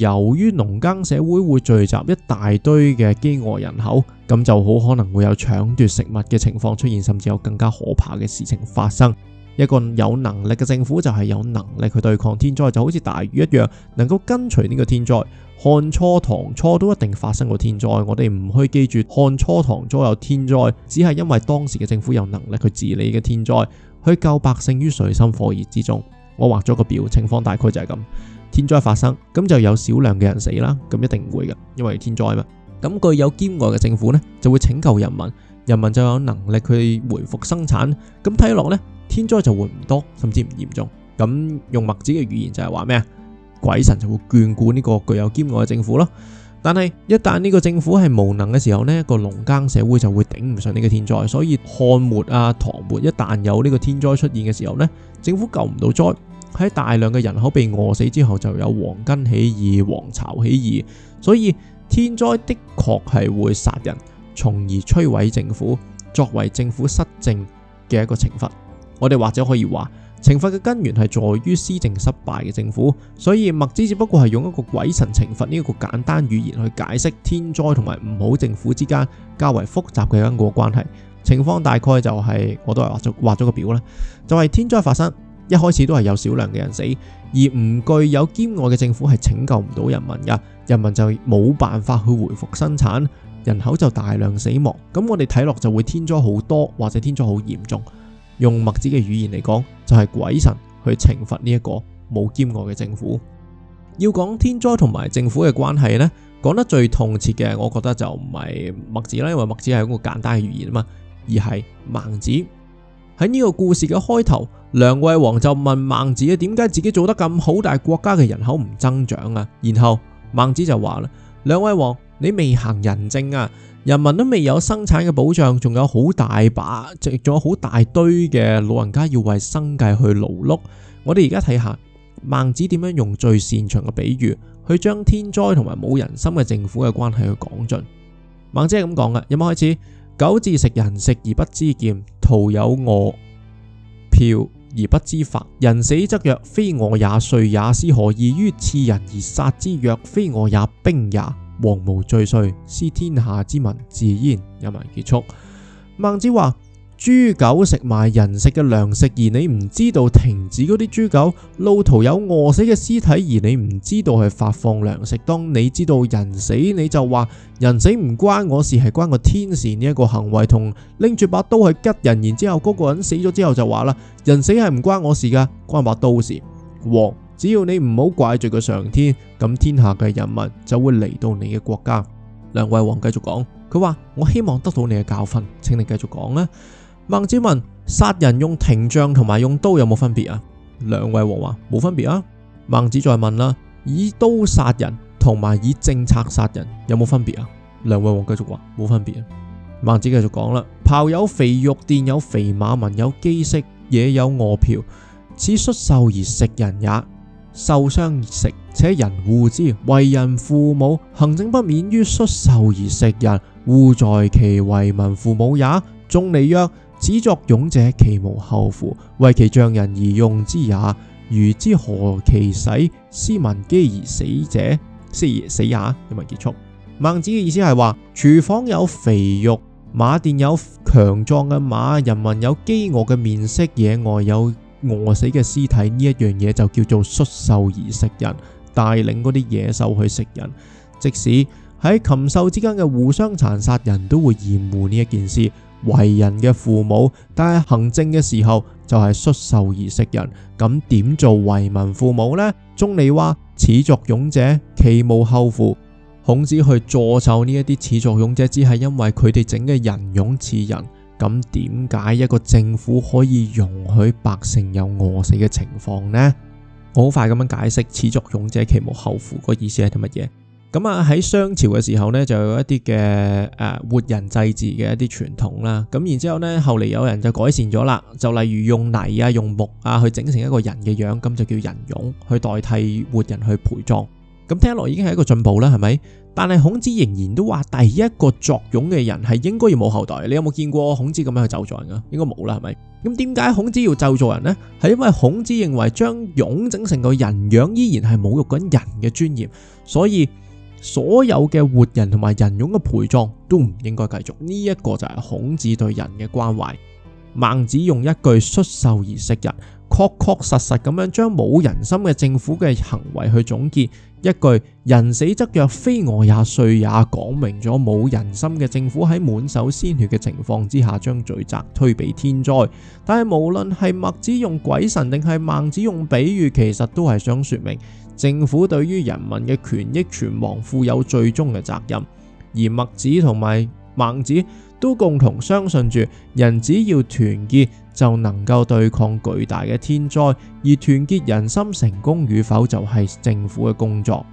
由於農耕社會會聚集一大堆嘅飢餓人口，咁就好可能會有搶奪食物嘅情況出現，甚至有更加可怕嘅事情發生。一個有能力嘅政府就係有能力去對抗天災，就好似大禹一樣，能夠跟隨呢個天災。漢初、唐初都一定發生過天災，我哋唔去記住漢初、唐初有天災，只係因為當時嘅政府有能力去治理嘅天災，去救百姓於水深火熱之中。我畫咗個表，情況大概就係咁。天災發生，咁就有少量嘅人死啦，咁一定唔會嘅，因為天災嘛。咁具有兼愛嘅政府呢，就會拯救人民，人民就有能力去回復生產。咁睇落呢？天災就會唔多，甚至唔嚴重。咁用墨子嘅語言就係話咩啊？鬼神就會眷顧呢個具有兼愛嘅政府咯。但係一旦呢個政府係無能嘅時候，呢個農耕社會就會頂唔上呢個天災。所以漢末啊、唐末，一旦有呢個天災出現嘅時候呢，政府救唔到災，喺大量嘅人口被餓死之後，就有黃巾起義、黃巢起義。所以天災的確係會殺人，從而摧毀政府，作為政府失政嘅一個懲罰。我哋或者可以話，懲罰嘅根源係在於施政失敗嘅政府，所以墨子只不過係用一個鬼神懲罰呢一個簡單語言去解釋天災同埋唔好政府之間較為複雜嘅因果關係。情況大概就係、是，我都係畫咗畫咗個錶啦，就係、是、天災發生，一開始都係有少量嘅人死，而唔具有兼愛嘅政府係拯救唔到人民噶，人民就冇辦法去回復生產，人口就大量死亡，咁我哋睇落就會天災好多或者天災好嚴重。用墨子嘅語言嚟講，就係、是、鬼神去懲罰呢一個冇兼愛嘅政府。要講天災同埋政府嘅關係呢，講得最痛切嘅，我覺得就唔係墨子啦，因為墨子係一個簡單嘅語言啊嘛，而係孟子。喺呢個故事嘅開頭，梁惠王就問孟子啊，點解自己做得咁好，但係國家嘅人口唔增長啊？然後孟子就話啦，梁惠王，你未行仁政啊！人民都未有生產嘅保障，仲有好大把，仲仲有好大堆嘅老人家要為生計去勞碌。我哋而家睇下孟子點樣用最擅長嘅比喻去將天災同埋冇人心嘅政府嘅關係去講盡。孟子係咁講嘅，有冇開始？狗彘食人食而不知檢，塗有餓莩而不知法。人死則曰：非我也，歲也。是何異於刺人而殺之？若非我也，兵也。王無罪歲，斯天下之民自焉。有埋結束。孟子話：豬狗食埋人食嘅糧食，而你唔知道停止嗰啲豬狗；路途有餓死嘅屍體，而你唔知道去發放糧食。當你知道人死，你就話人死唔關我事，係關個天事。」呢一個行為同拎住把刀去吉人，然之後嗰個人死咗之後就話啦：人死係唔關我事噶，關把刀事。王只要你唔好怪罪佢上天，咁天下嘅人民就會嚟到你嘅國家。梁惠王繼續講，佢話我希望得到你嘅教訓，請你繼續講啦孟子問殺人用梃杖同埋用刀有冇分別啊？梁惠王話冇分別啊。孟子再問啦，以刀殺人同埋以政策殺人有冇分別啊？梁惠王繼續話冇分別啊。孟子繼續講啦，庖有肥肉，廄有肥馬民，民有飢色，野有餓莩，此率獸而食人也。受傷而食且人護之，為人父母，行政不免於率獸而食人，護在其為民父母也。仲尼曰：始作俑者，其無後乎？為其象人而用之也。如之何其使斯民飢而死者？斯也死也。引文結束。孟子嘅意思係話：廚房有肥肉，馬店有強壯嘅馬，人民有飢餓嘅面色，野外有。餓死嘅屍體，呢一樣嘢就叫做率獸而食人，帶領嗰啲野獸去食人，即使喺禽獸之間嘅互相殘殺，人都會厭惡呢一件事。為人嘅父母，但係行政嘅時候就係率獸而食人，咁點做為民父母呢？仲尼話，始作俑者，其無後乎？孔子去助手呢一啲始作俑者，只係因為佢哋整嘅人俑似人。咁點解一個政府可以容許百姓有餓死嘅情況呢？我好快咁樣解釋，始作俑者，其無後乎個意思係啲乜嘢？咁啊喺商朝嘅時候呢，就有一啲嘅誒活人祭祀嘅一啲傳統啦。咁然之後呢，後嚟，有人就改善咗啦，就例如用泥啊、用木啊去整成一個人嘅樣，咁就叫人俑去代替活人去陪葬。咁聽落已經係一個進步啦，係咪？但係孔子仍然都話，第一個作俑嘅人係應該要冇後代。你有冇見過孔子咁樣去咒詛人呀？應該冇啦，係咪？咁點解孔子要咒詛人呢？係因為孔子認為將俑整成個人樣依然係侮辱緊人嘅尊嚴，所以所有嘅活人同埋人俑嘅陪葬都唔應該繼續，呢一個就係孔子對人嘅關懷。孟子用一句“率獸而食人”。確確實實咁樣將冇人心嘅政府嘅行為去總結一句，人死則若非我也歲也，講明咗冇人心嘅政府喺滿手鮮血嘅情況之下，將罪責推俾天災。但係無論係墨子用鬼神，定係孟子用比喻，其實都係想說明政府對於人民嘅權益存亡負有最終嘅責任。而墨子同埋孟子都共同相信住，人只要團結，就能夠對抗巨大嘅天災，而團結人心成功與否就係政府嘅工作。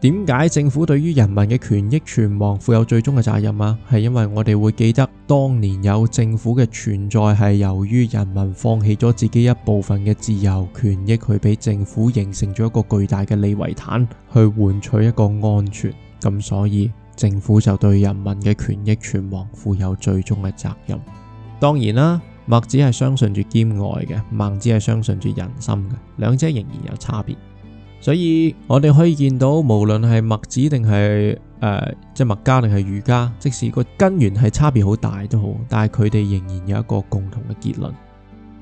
點解政府對於人民嘅權益存亡負有最終嘅責任啊？係因為我哋會記得當年有政府嘅存在，係由於人民放棄咗自己一部分嘅自由權益，佢俾政府形成咗一個巨大嘅利維坦，去換取一個安全。咁所以政府就對人民嘅權益存亡負有最終嘅責任。當然啦。墨子係相信住兼愛嘅，孟子係相信住人心嘅，兩者仍然有差別。所以我哋可以見到，無論係墨子定係誒即墨家定係儒家，即使個根源係差別好大都好，但係佢哋仍然有一個共同嘅結論。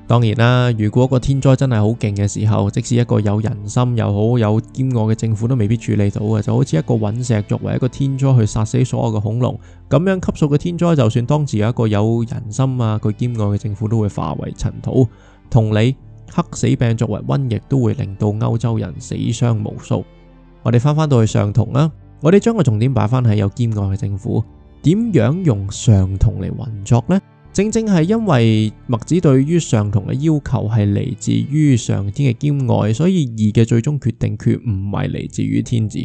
當然啦，如果個天災真係好勁嘅時候，即使一個有仁心又好有兼愛嘅政府都未必處理到嘅，就好似一個隕石作為一個天災去殺死所有嘅恐龍，咁樣級數嘅天災，就算當時有一個有仁心啊，佢兼愛嘅政府都會化為塵土。同理，黑死病作為瘟疫都會令到歐洲人死傷無數。我哋翻翻到去尚同啦，我哋將個重點擺翻喺有兼愛嘅政府點樣用尚同嚟運作呢？正正係因為墨子對於尚同嘅要求係嚟自於上天嘅兼愛，所以義嘅最終決定權唔係嚟自於天子，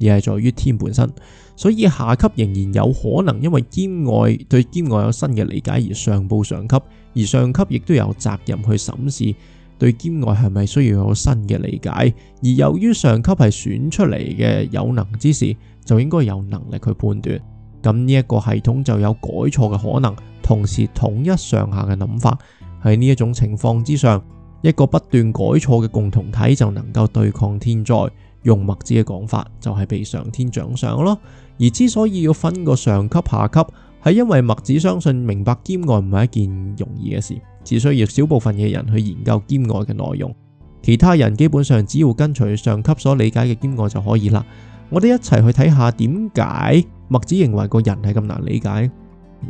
而係在於天本身。所以下級仍然有可能因為兼愛對兼愛有新嘅理解而上報上級，而上級亦都有責任去審視對兼愛係咪需要有新嘅理解。而由於上級係選出嚟嘅有能之士，就應該有能力去判斷。咁呢一個系統就有改錯嘅可能。同時統一上下嘅諗法，喺呢一種情況之上，一個不斷改錯嘅共同體就能夠對抗天災。用墨子嘅講法，就係被上天獎賞咯。而之所以要分個上級下級，係因為墨子相信明白兼愛唔係一件容易嘅事，只需要少部分嘅人去研究兼愛嘅內容，其他人基本上只要跟隨上級所理解嘅兼愛就可以啦。我哋一齊去睇下點解墨子認為個人係咁難理解，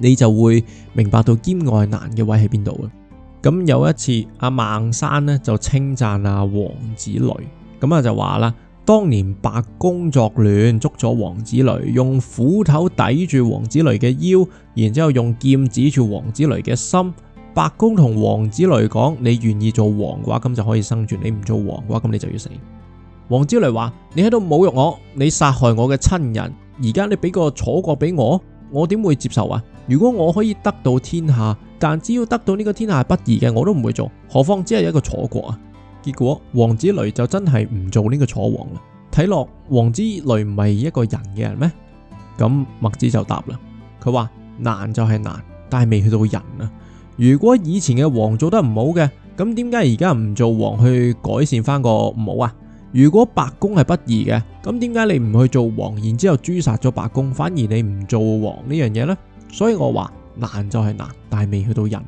你就會明白到兼愛難嘅位喺邊度啊！咁有一次，阿孟山呢就稱讚阿王子雷，咁啊就話啦，當年白公作亂，捉咗王子雷，用斧頭抵住王子雷嘅腰，然之後用劍指住王子雷嘅心。白公同王子雷講：你願意做王嘅話，咁就可以生存；你唔做王嘅話，咁你就要死。王子雷話：你喺度侮辱我，你殺害我嘅親人，而家你俾個楚國俾我，我點會接受啊！如果我可以得到天下，但只要得到呢個天下不義嘅，我都唔會做。何況只係一個楚國啊。結果王子閭就真係唔做呢個楚王啦。睇落王子閭唔係一個人嘅人咩？咁墨子就答啦，佢話難就係難，但係未去到人啊。如果以前嘅王做得唔好嘅，咁點解而家唔做王去改善翻個唔好啊？如果白公係不義嘅，咁點解你唔去做王，然之後誅殺咗白公，反而你唔做王呢樣嘢呢？」所以我話難就係難，但係未去到仁。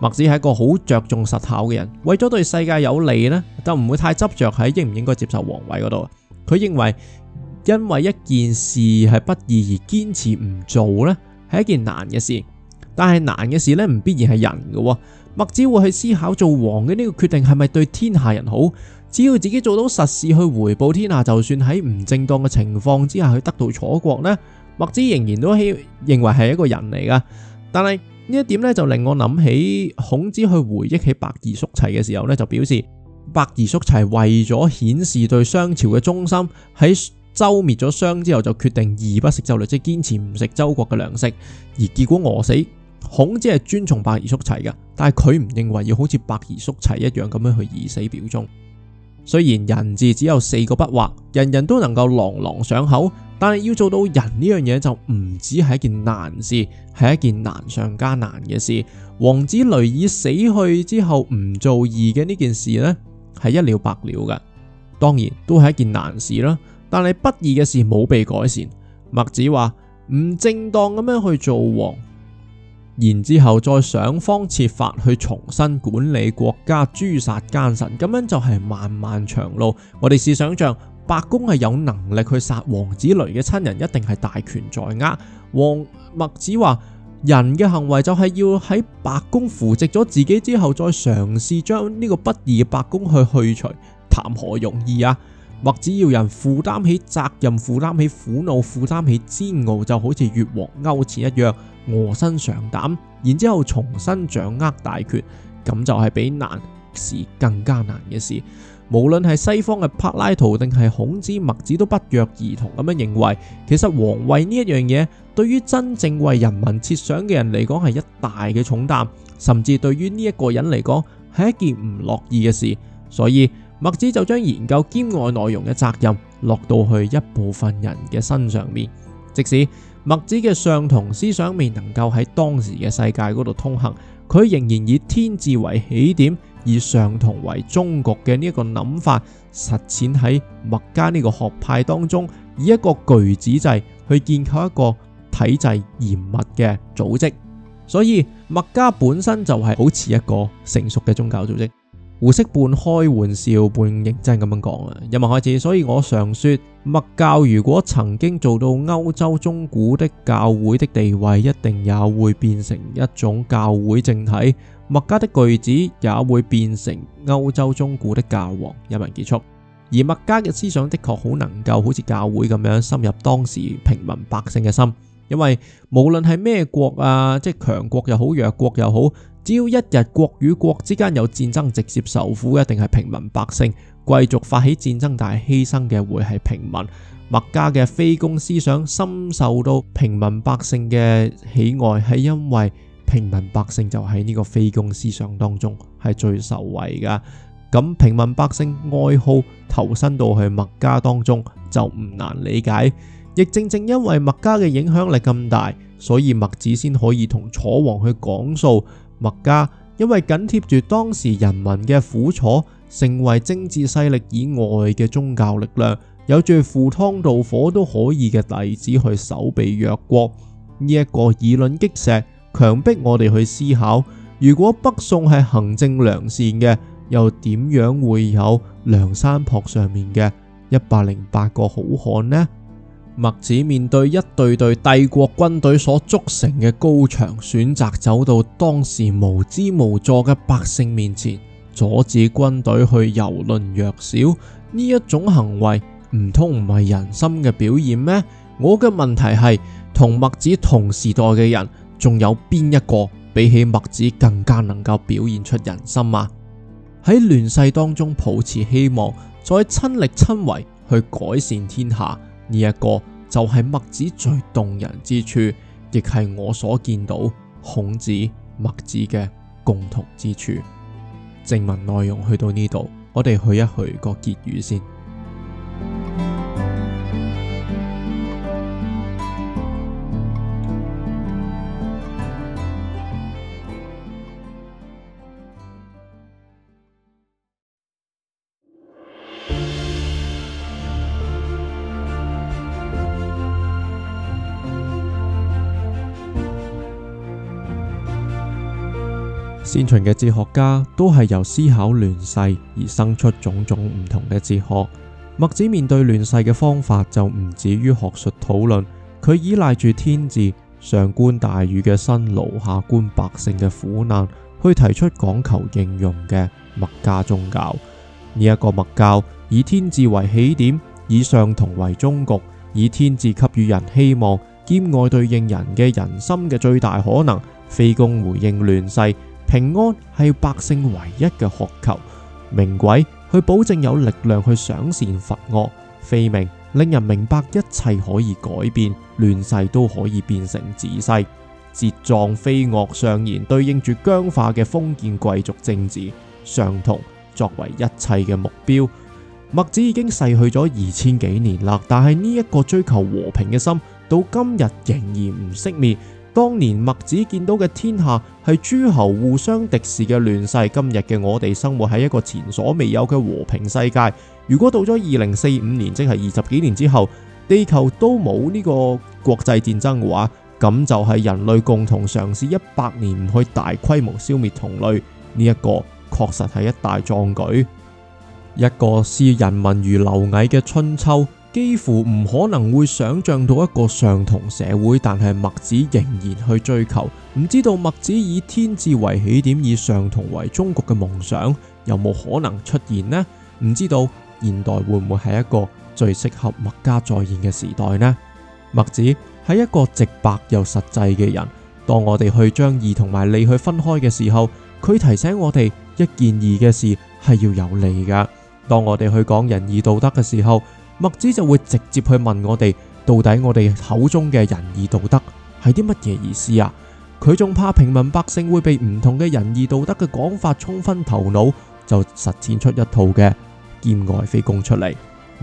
墨子係一個好着重實考嘅人，為咗對世界有利呢，就唔會太執着喺應唔應該接受王位嗰度。佢認為因為一件事係不義而堅持唔做呢，係一件難嘅事。但係難嘅事呢，唔必然係仁嘅。墨子會去思考做王嘅呢個決定係咪對天下人好。只要自己做到實事去回報天下，就算喺唔正當嘅情況之下去得到楚國呢，墨子仍然都希認為係一個人嚟噶但係呢一點呢，就令我諗起孔子去回憶起伯夷叔齊嘅時候呢，就表示伯夷叔齊為咗顯示對商朝嘅忠心，喺周滅咗商之後就決定義不食周糧，即係堅持唔食周國嘅糧食，而結果餓死。孔子係尊重伯夷叔齊噶但係佢唔認為要好似伯夷叔齊一樣咁樣去以死表忠。雖然人字只有四個筆畫，人人都能夠朗朗上口，但係要做到人呢樣嘢就唔止係一件難事，係一件難上加難嘅事。王子閭以死去之後唔做義嘅呢件事呢，係一了百了嘅，當然都係一件難事啦。但係不義嘅事冇被改善，墨子話唔正當咁樣去做王。然之後再想方設法去重新管理國家，誅殺奸臣，咁樣就係漫漫長路。我哋試想象，白宮係有能力去殺王子雷嘅親人，一定係大權在握。王墨子話：人嘅行為就係要喺白宮扶植咗自己之後，再嘗試將呢個不義嘅白宮去去除，談何容易啊！墨子要人負擔起責任，負擔起苦惱，負擔起煎熬，就好似越王勾踐一樣。臥薪嘗膽，然之後重新掌握大權，咁就係比難事更加難嘅事。無論係西方嘅柏拉圖定係孔子、墨子，都不約而同咁樣認為，其實王位呢一樣嘢，對於真正為人民設想嘅人嚟講，係一大嘅重擔，甚至對於呢一個人嚟講，係一件唔樂意嘅事。所以墨子就將研究兼愛內容嘅責任落到去一部分人嘅身上面，即使。墨子嘅尚同思想未能夠喺當時嘅世界嗰度通行，佢仍然以天志為起點，以尚同為中國嘅呢一個諗法實踐喺墨家呢個學派當中，以一個巨子制去建構一個體制嚴密嘅組織，所以墨家本身就係好似一個成熟嘅宗教組織。胡適半開玩笑半認真咁樣講啊，引文開始，所以我常說，墨教如果曾經做到歐洲中古的教會的地位，一定也會變成一種教會政體，墨家的句子也會變成歐洲中古的教皇。引文結束。而墨家嘅思想的確好能夠好似教會咁樣深入當時平民百姓嘅心，因為無論係咩國啊，即係強國又好、弱國又好。只要一日國與國之間有戰爭，直接受苦嘅一定係平民百姓。貴族發起戰爭，但係犧牲嘅會係平民。墨家嘅非攻思想，深受到平民百姓嘅喜愛，係因為平民百姓就喺呢個非攻思想當中係最受惠噶。咁平民百姓愛好投身到去墨家當中，就唔難理解。亦正正因為墨家嘅影響力咁大，所以墨子先可以同楚王去講數。墨家因為緊貼住當時人民嘅苦楚，成為政治勢力以外嘅宗教力量，有住赴湯蹈火都可以嘅弟子去守備弱國。呢、這、一個以卵擊石，強迫我哋去思考：如果北宋係行政良善嘅，又點樣會有梁山泊上面嘅一百零八個好漢呢？墨子面對一隊隊帝國軍隊所築成嘅高牆，選擇走到當時無知無助嘅百姓面前，阻止軍隊去蹂躪弱小。呢一種行為，唔通唔係仁心嘅表現咩？我嘅問題係，同墨子同時代嘅人，仲有邊一個比起墨子更加能夠表現出仁心啊？喺亂世當中抱持希望，再親力親為去改善天下。呢一個就係墨子最動人之處，亦係我所見到孔子、墨子嘅共同之處。正文內容去到呢度，我哋去一去個結語先。先秦嘅哲學家都係由思考亂世而生出種種唔同嘅哲學。墨子面對亂世嘅方法就唔止於學術討論，佢依賴住天志、上觀大宇嘅辛勞，下觀百姓嘅苦難，去提出講求應用嘅墨家宗教。呢、這、一個墨教以天志為起點，以尚同為終局，以天志給予人希望兼愛對應人嘅人心嘅最大可能，非攻回應亂世。平安係百姓唯一嘅渴求，明鬼去保證有力量去賞善罰惡，非命令人明白一切可以改變，亂世都可以變成治世。節葬、非樂、尚賢，對應住僵化嘅封建貴族政治，尚同作為一切嘅目標。墨子已經逝去咗二千幾年啦，但係呢一個追求和平嘅心到今日仍然唔熄滅。當年墨子見到嘅天下係諸侯互相敵視嘅亂世，今日嘅我哋生活喺一個前所未有嘅和平世界。如果到咗二零四五年，即係二十幾年之後，地球都冇呢個國際戰爭嘅話，咁就係人類共同嘗試一百年唔去大規模消滅同類呢、這個、一,一個，確實係一大壯舉。一個視人民如螻蟻嘅春秋。幾乎唔可能會想象到一個尚同社會，但係墨子仍然去追求。唔知道墨子以天志為起點，以尚同為中國嘅夢想有冇可能出現呢？唔知道現代會唔會係一個最適合墨家再現嘅時代呢？墨子係一個直白又實際嘅人。當我哋去將義同埋利去分開嘅時候，佢提醒我哋一件義嘅事係要有利㗎。當我哋去講仁義道德嘅時候，墨子就會直接去問我哋，到底我哋口中嘅仁義道德係啲乜嘢意思啊？佢仲怕平民百姓會被唔同嘅仁義道德嘅講法沖昏頭腦，就實踐出一套嘅兼愛非攻出嚟，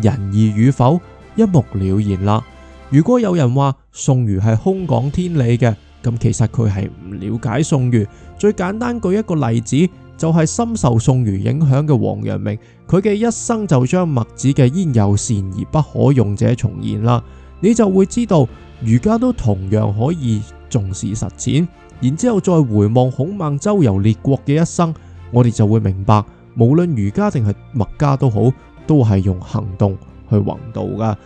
仁義與否一目了然啦。如果有人話宋儒係空講天理嘅，咁其實佢係唔了解宋儒。最簡單舉一個例子。就係深受宋儒影響嘅王陽明，佢嘅一生就將墨子嘅“焉有善而不可用者”重現啦。你就會知道，儒家都同樣可以重視實踐，然之後再回望孔孟周遊列國嘅一生，我哋就會明白，無論儒家定係墨家都好，都係用行動去弘道噶。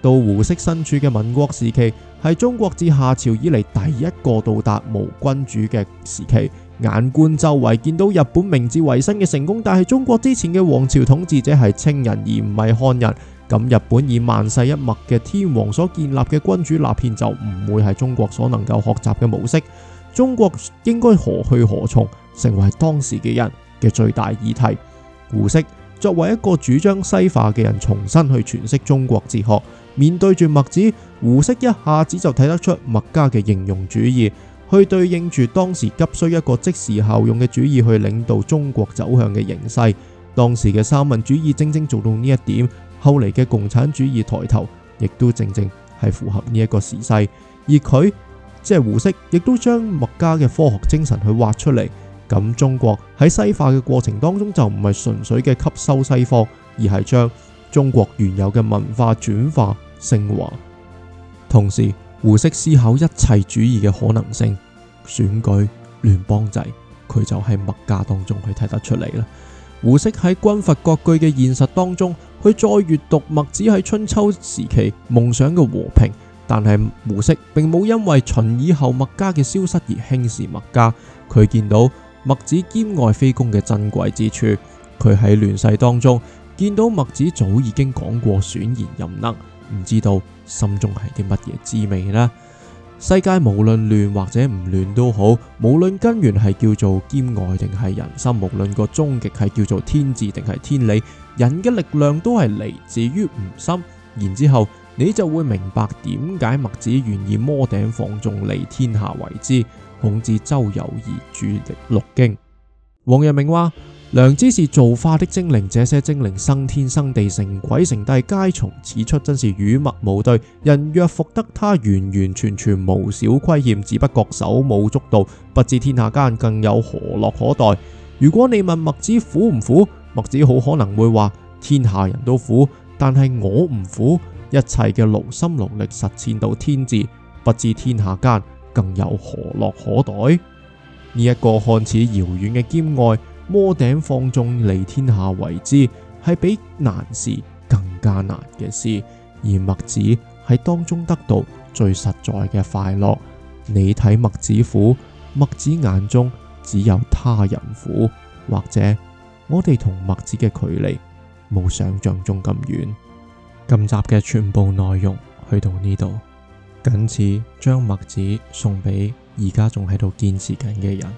到胡適身處嘅民國時期，係中國自夏朝以嚟第一個到達無君主嘅時期。眼觀周圍，見到日本明治維新嘅成功，但係中國之前嘅王朝統治者係清人而唔係漢人，咁日本以萬世一脈嘅天皇所建立嘅君主立憲就唔會係中國所能夠學習嘅模式。中國應該何去何從，成為當時嘅人嘅最大議題。胡適作為一個主張西化嘅人，重新去詮釋中國哲學，面對住墨子，胡適一下子就睇得出墨家嘅應用主義。去對應住當時急需一個即時效用嘅主義去領導中國走向嘅形勢，當時嘅三民主義正正做到呢一點，後嚟嘅共產主義抬頭亦都正正係符合呢一個時勢，而佢即係胡適亦都將墨家嘅科學精神去挖出嚟，咁中國喺西化嘅過程當中就唔係純粹嘅吸收西方，而係將中國原有嘅文化轉化升華，同時。胡適思考一切主義嘅可能性，選舉聯邦制，佢就喺墨家當中佢睇得出嚟啦。胡適喺軍閥割據嘅現實當中，佢再閱讀墨子喺春秋時期夢想嘅和平，但係胡適並冇因為秦以後墨家嘅消失而輕視墨家，佢見到墨子兼愛非攻嘅珍貴之處，佢喺亂世當中見到墨子早已經講過選賢任能。唔知道心中係啲乜嘢滋味啦。世界無論亂或者唔亂都好，無論根源係叫做兼愛定係仁心，無論個終極係叫做天志定係天理，人嘅力量都係嚟自於吾心。然之後你就會明白點解墨子願意摩頂放踵嚟天下為之，孔子周遊而主力六經。王陽明話。良知是造化的精靈，這些精靈生天生地，成鬼成帝，皆從此出，真是與物無對。人若服得他，完完全全無小虧欠，只不過手舞足蹈，不知天下間更有何樂可待。如果你問墨子苦唔苦，墨子好可能會話天下人都苦，但係我唔苦，一切嘅勞心勞力實踐到天志，不知天下間更有何樂可待。呢、這、一個看似遙遠嘅兼愛。摩頂放踵，利天下為之，係比難事更加難嘅事。而墨子喺當中得到最實在嘅快樂。你睇墨子苦，墨子眼中只有他人苦，或者我哋同墨子嘅距離冇想象中咁遠。今集嘅全部內容去到呢度，謹此將墨子送俾而家仲喺度堅持緊嘅人。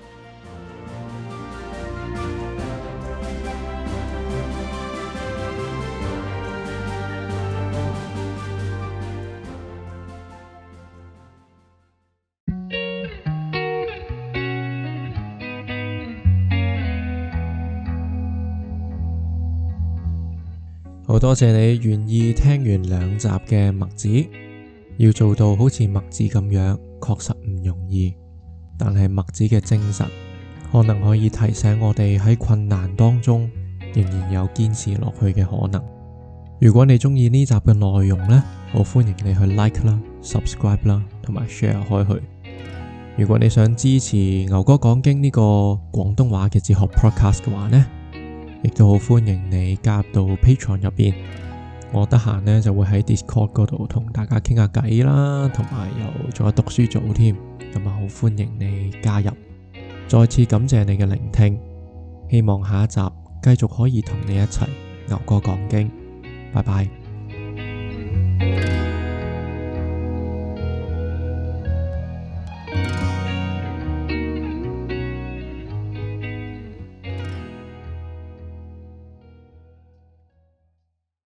多謝你願意聽完兩集嘅墨子，要做到好似墨子咁樣，確實唔容易。但係墨子嘅精神，可能可以提醒我哋喺困難當中，仍然有堅持落去嘅可能。如果你中意呢集嘅內容呢，我歡迎你去 like 啦、subscribe 啦，同埋 share 開去。如果你想支持牛哥講經呢個廣東話嘅哲學 podcast 嘅話呢，亦都好歡迎你加入到 Patreon 入邊，我得閒呢就會喺 Discord 嗰度同大家傾下偈啦，同埋又做一讀書組添，咁啊好歡迎你加入。再次感謝你嘅聆聽，希望下一集繼續可以同你一齊牛哥講經，拜拜。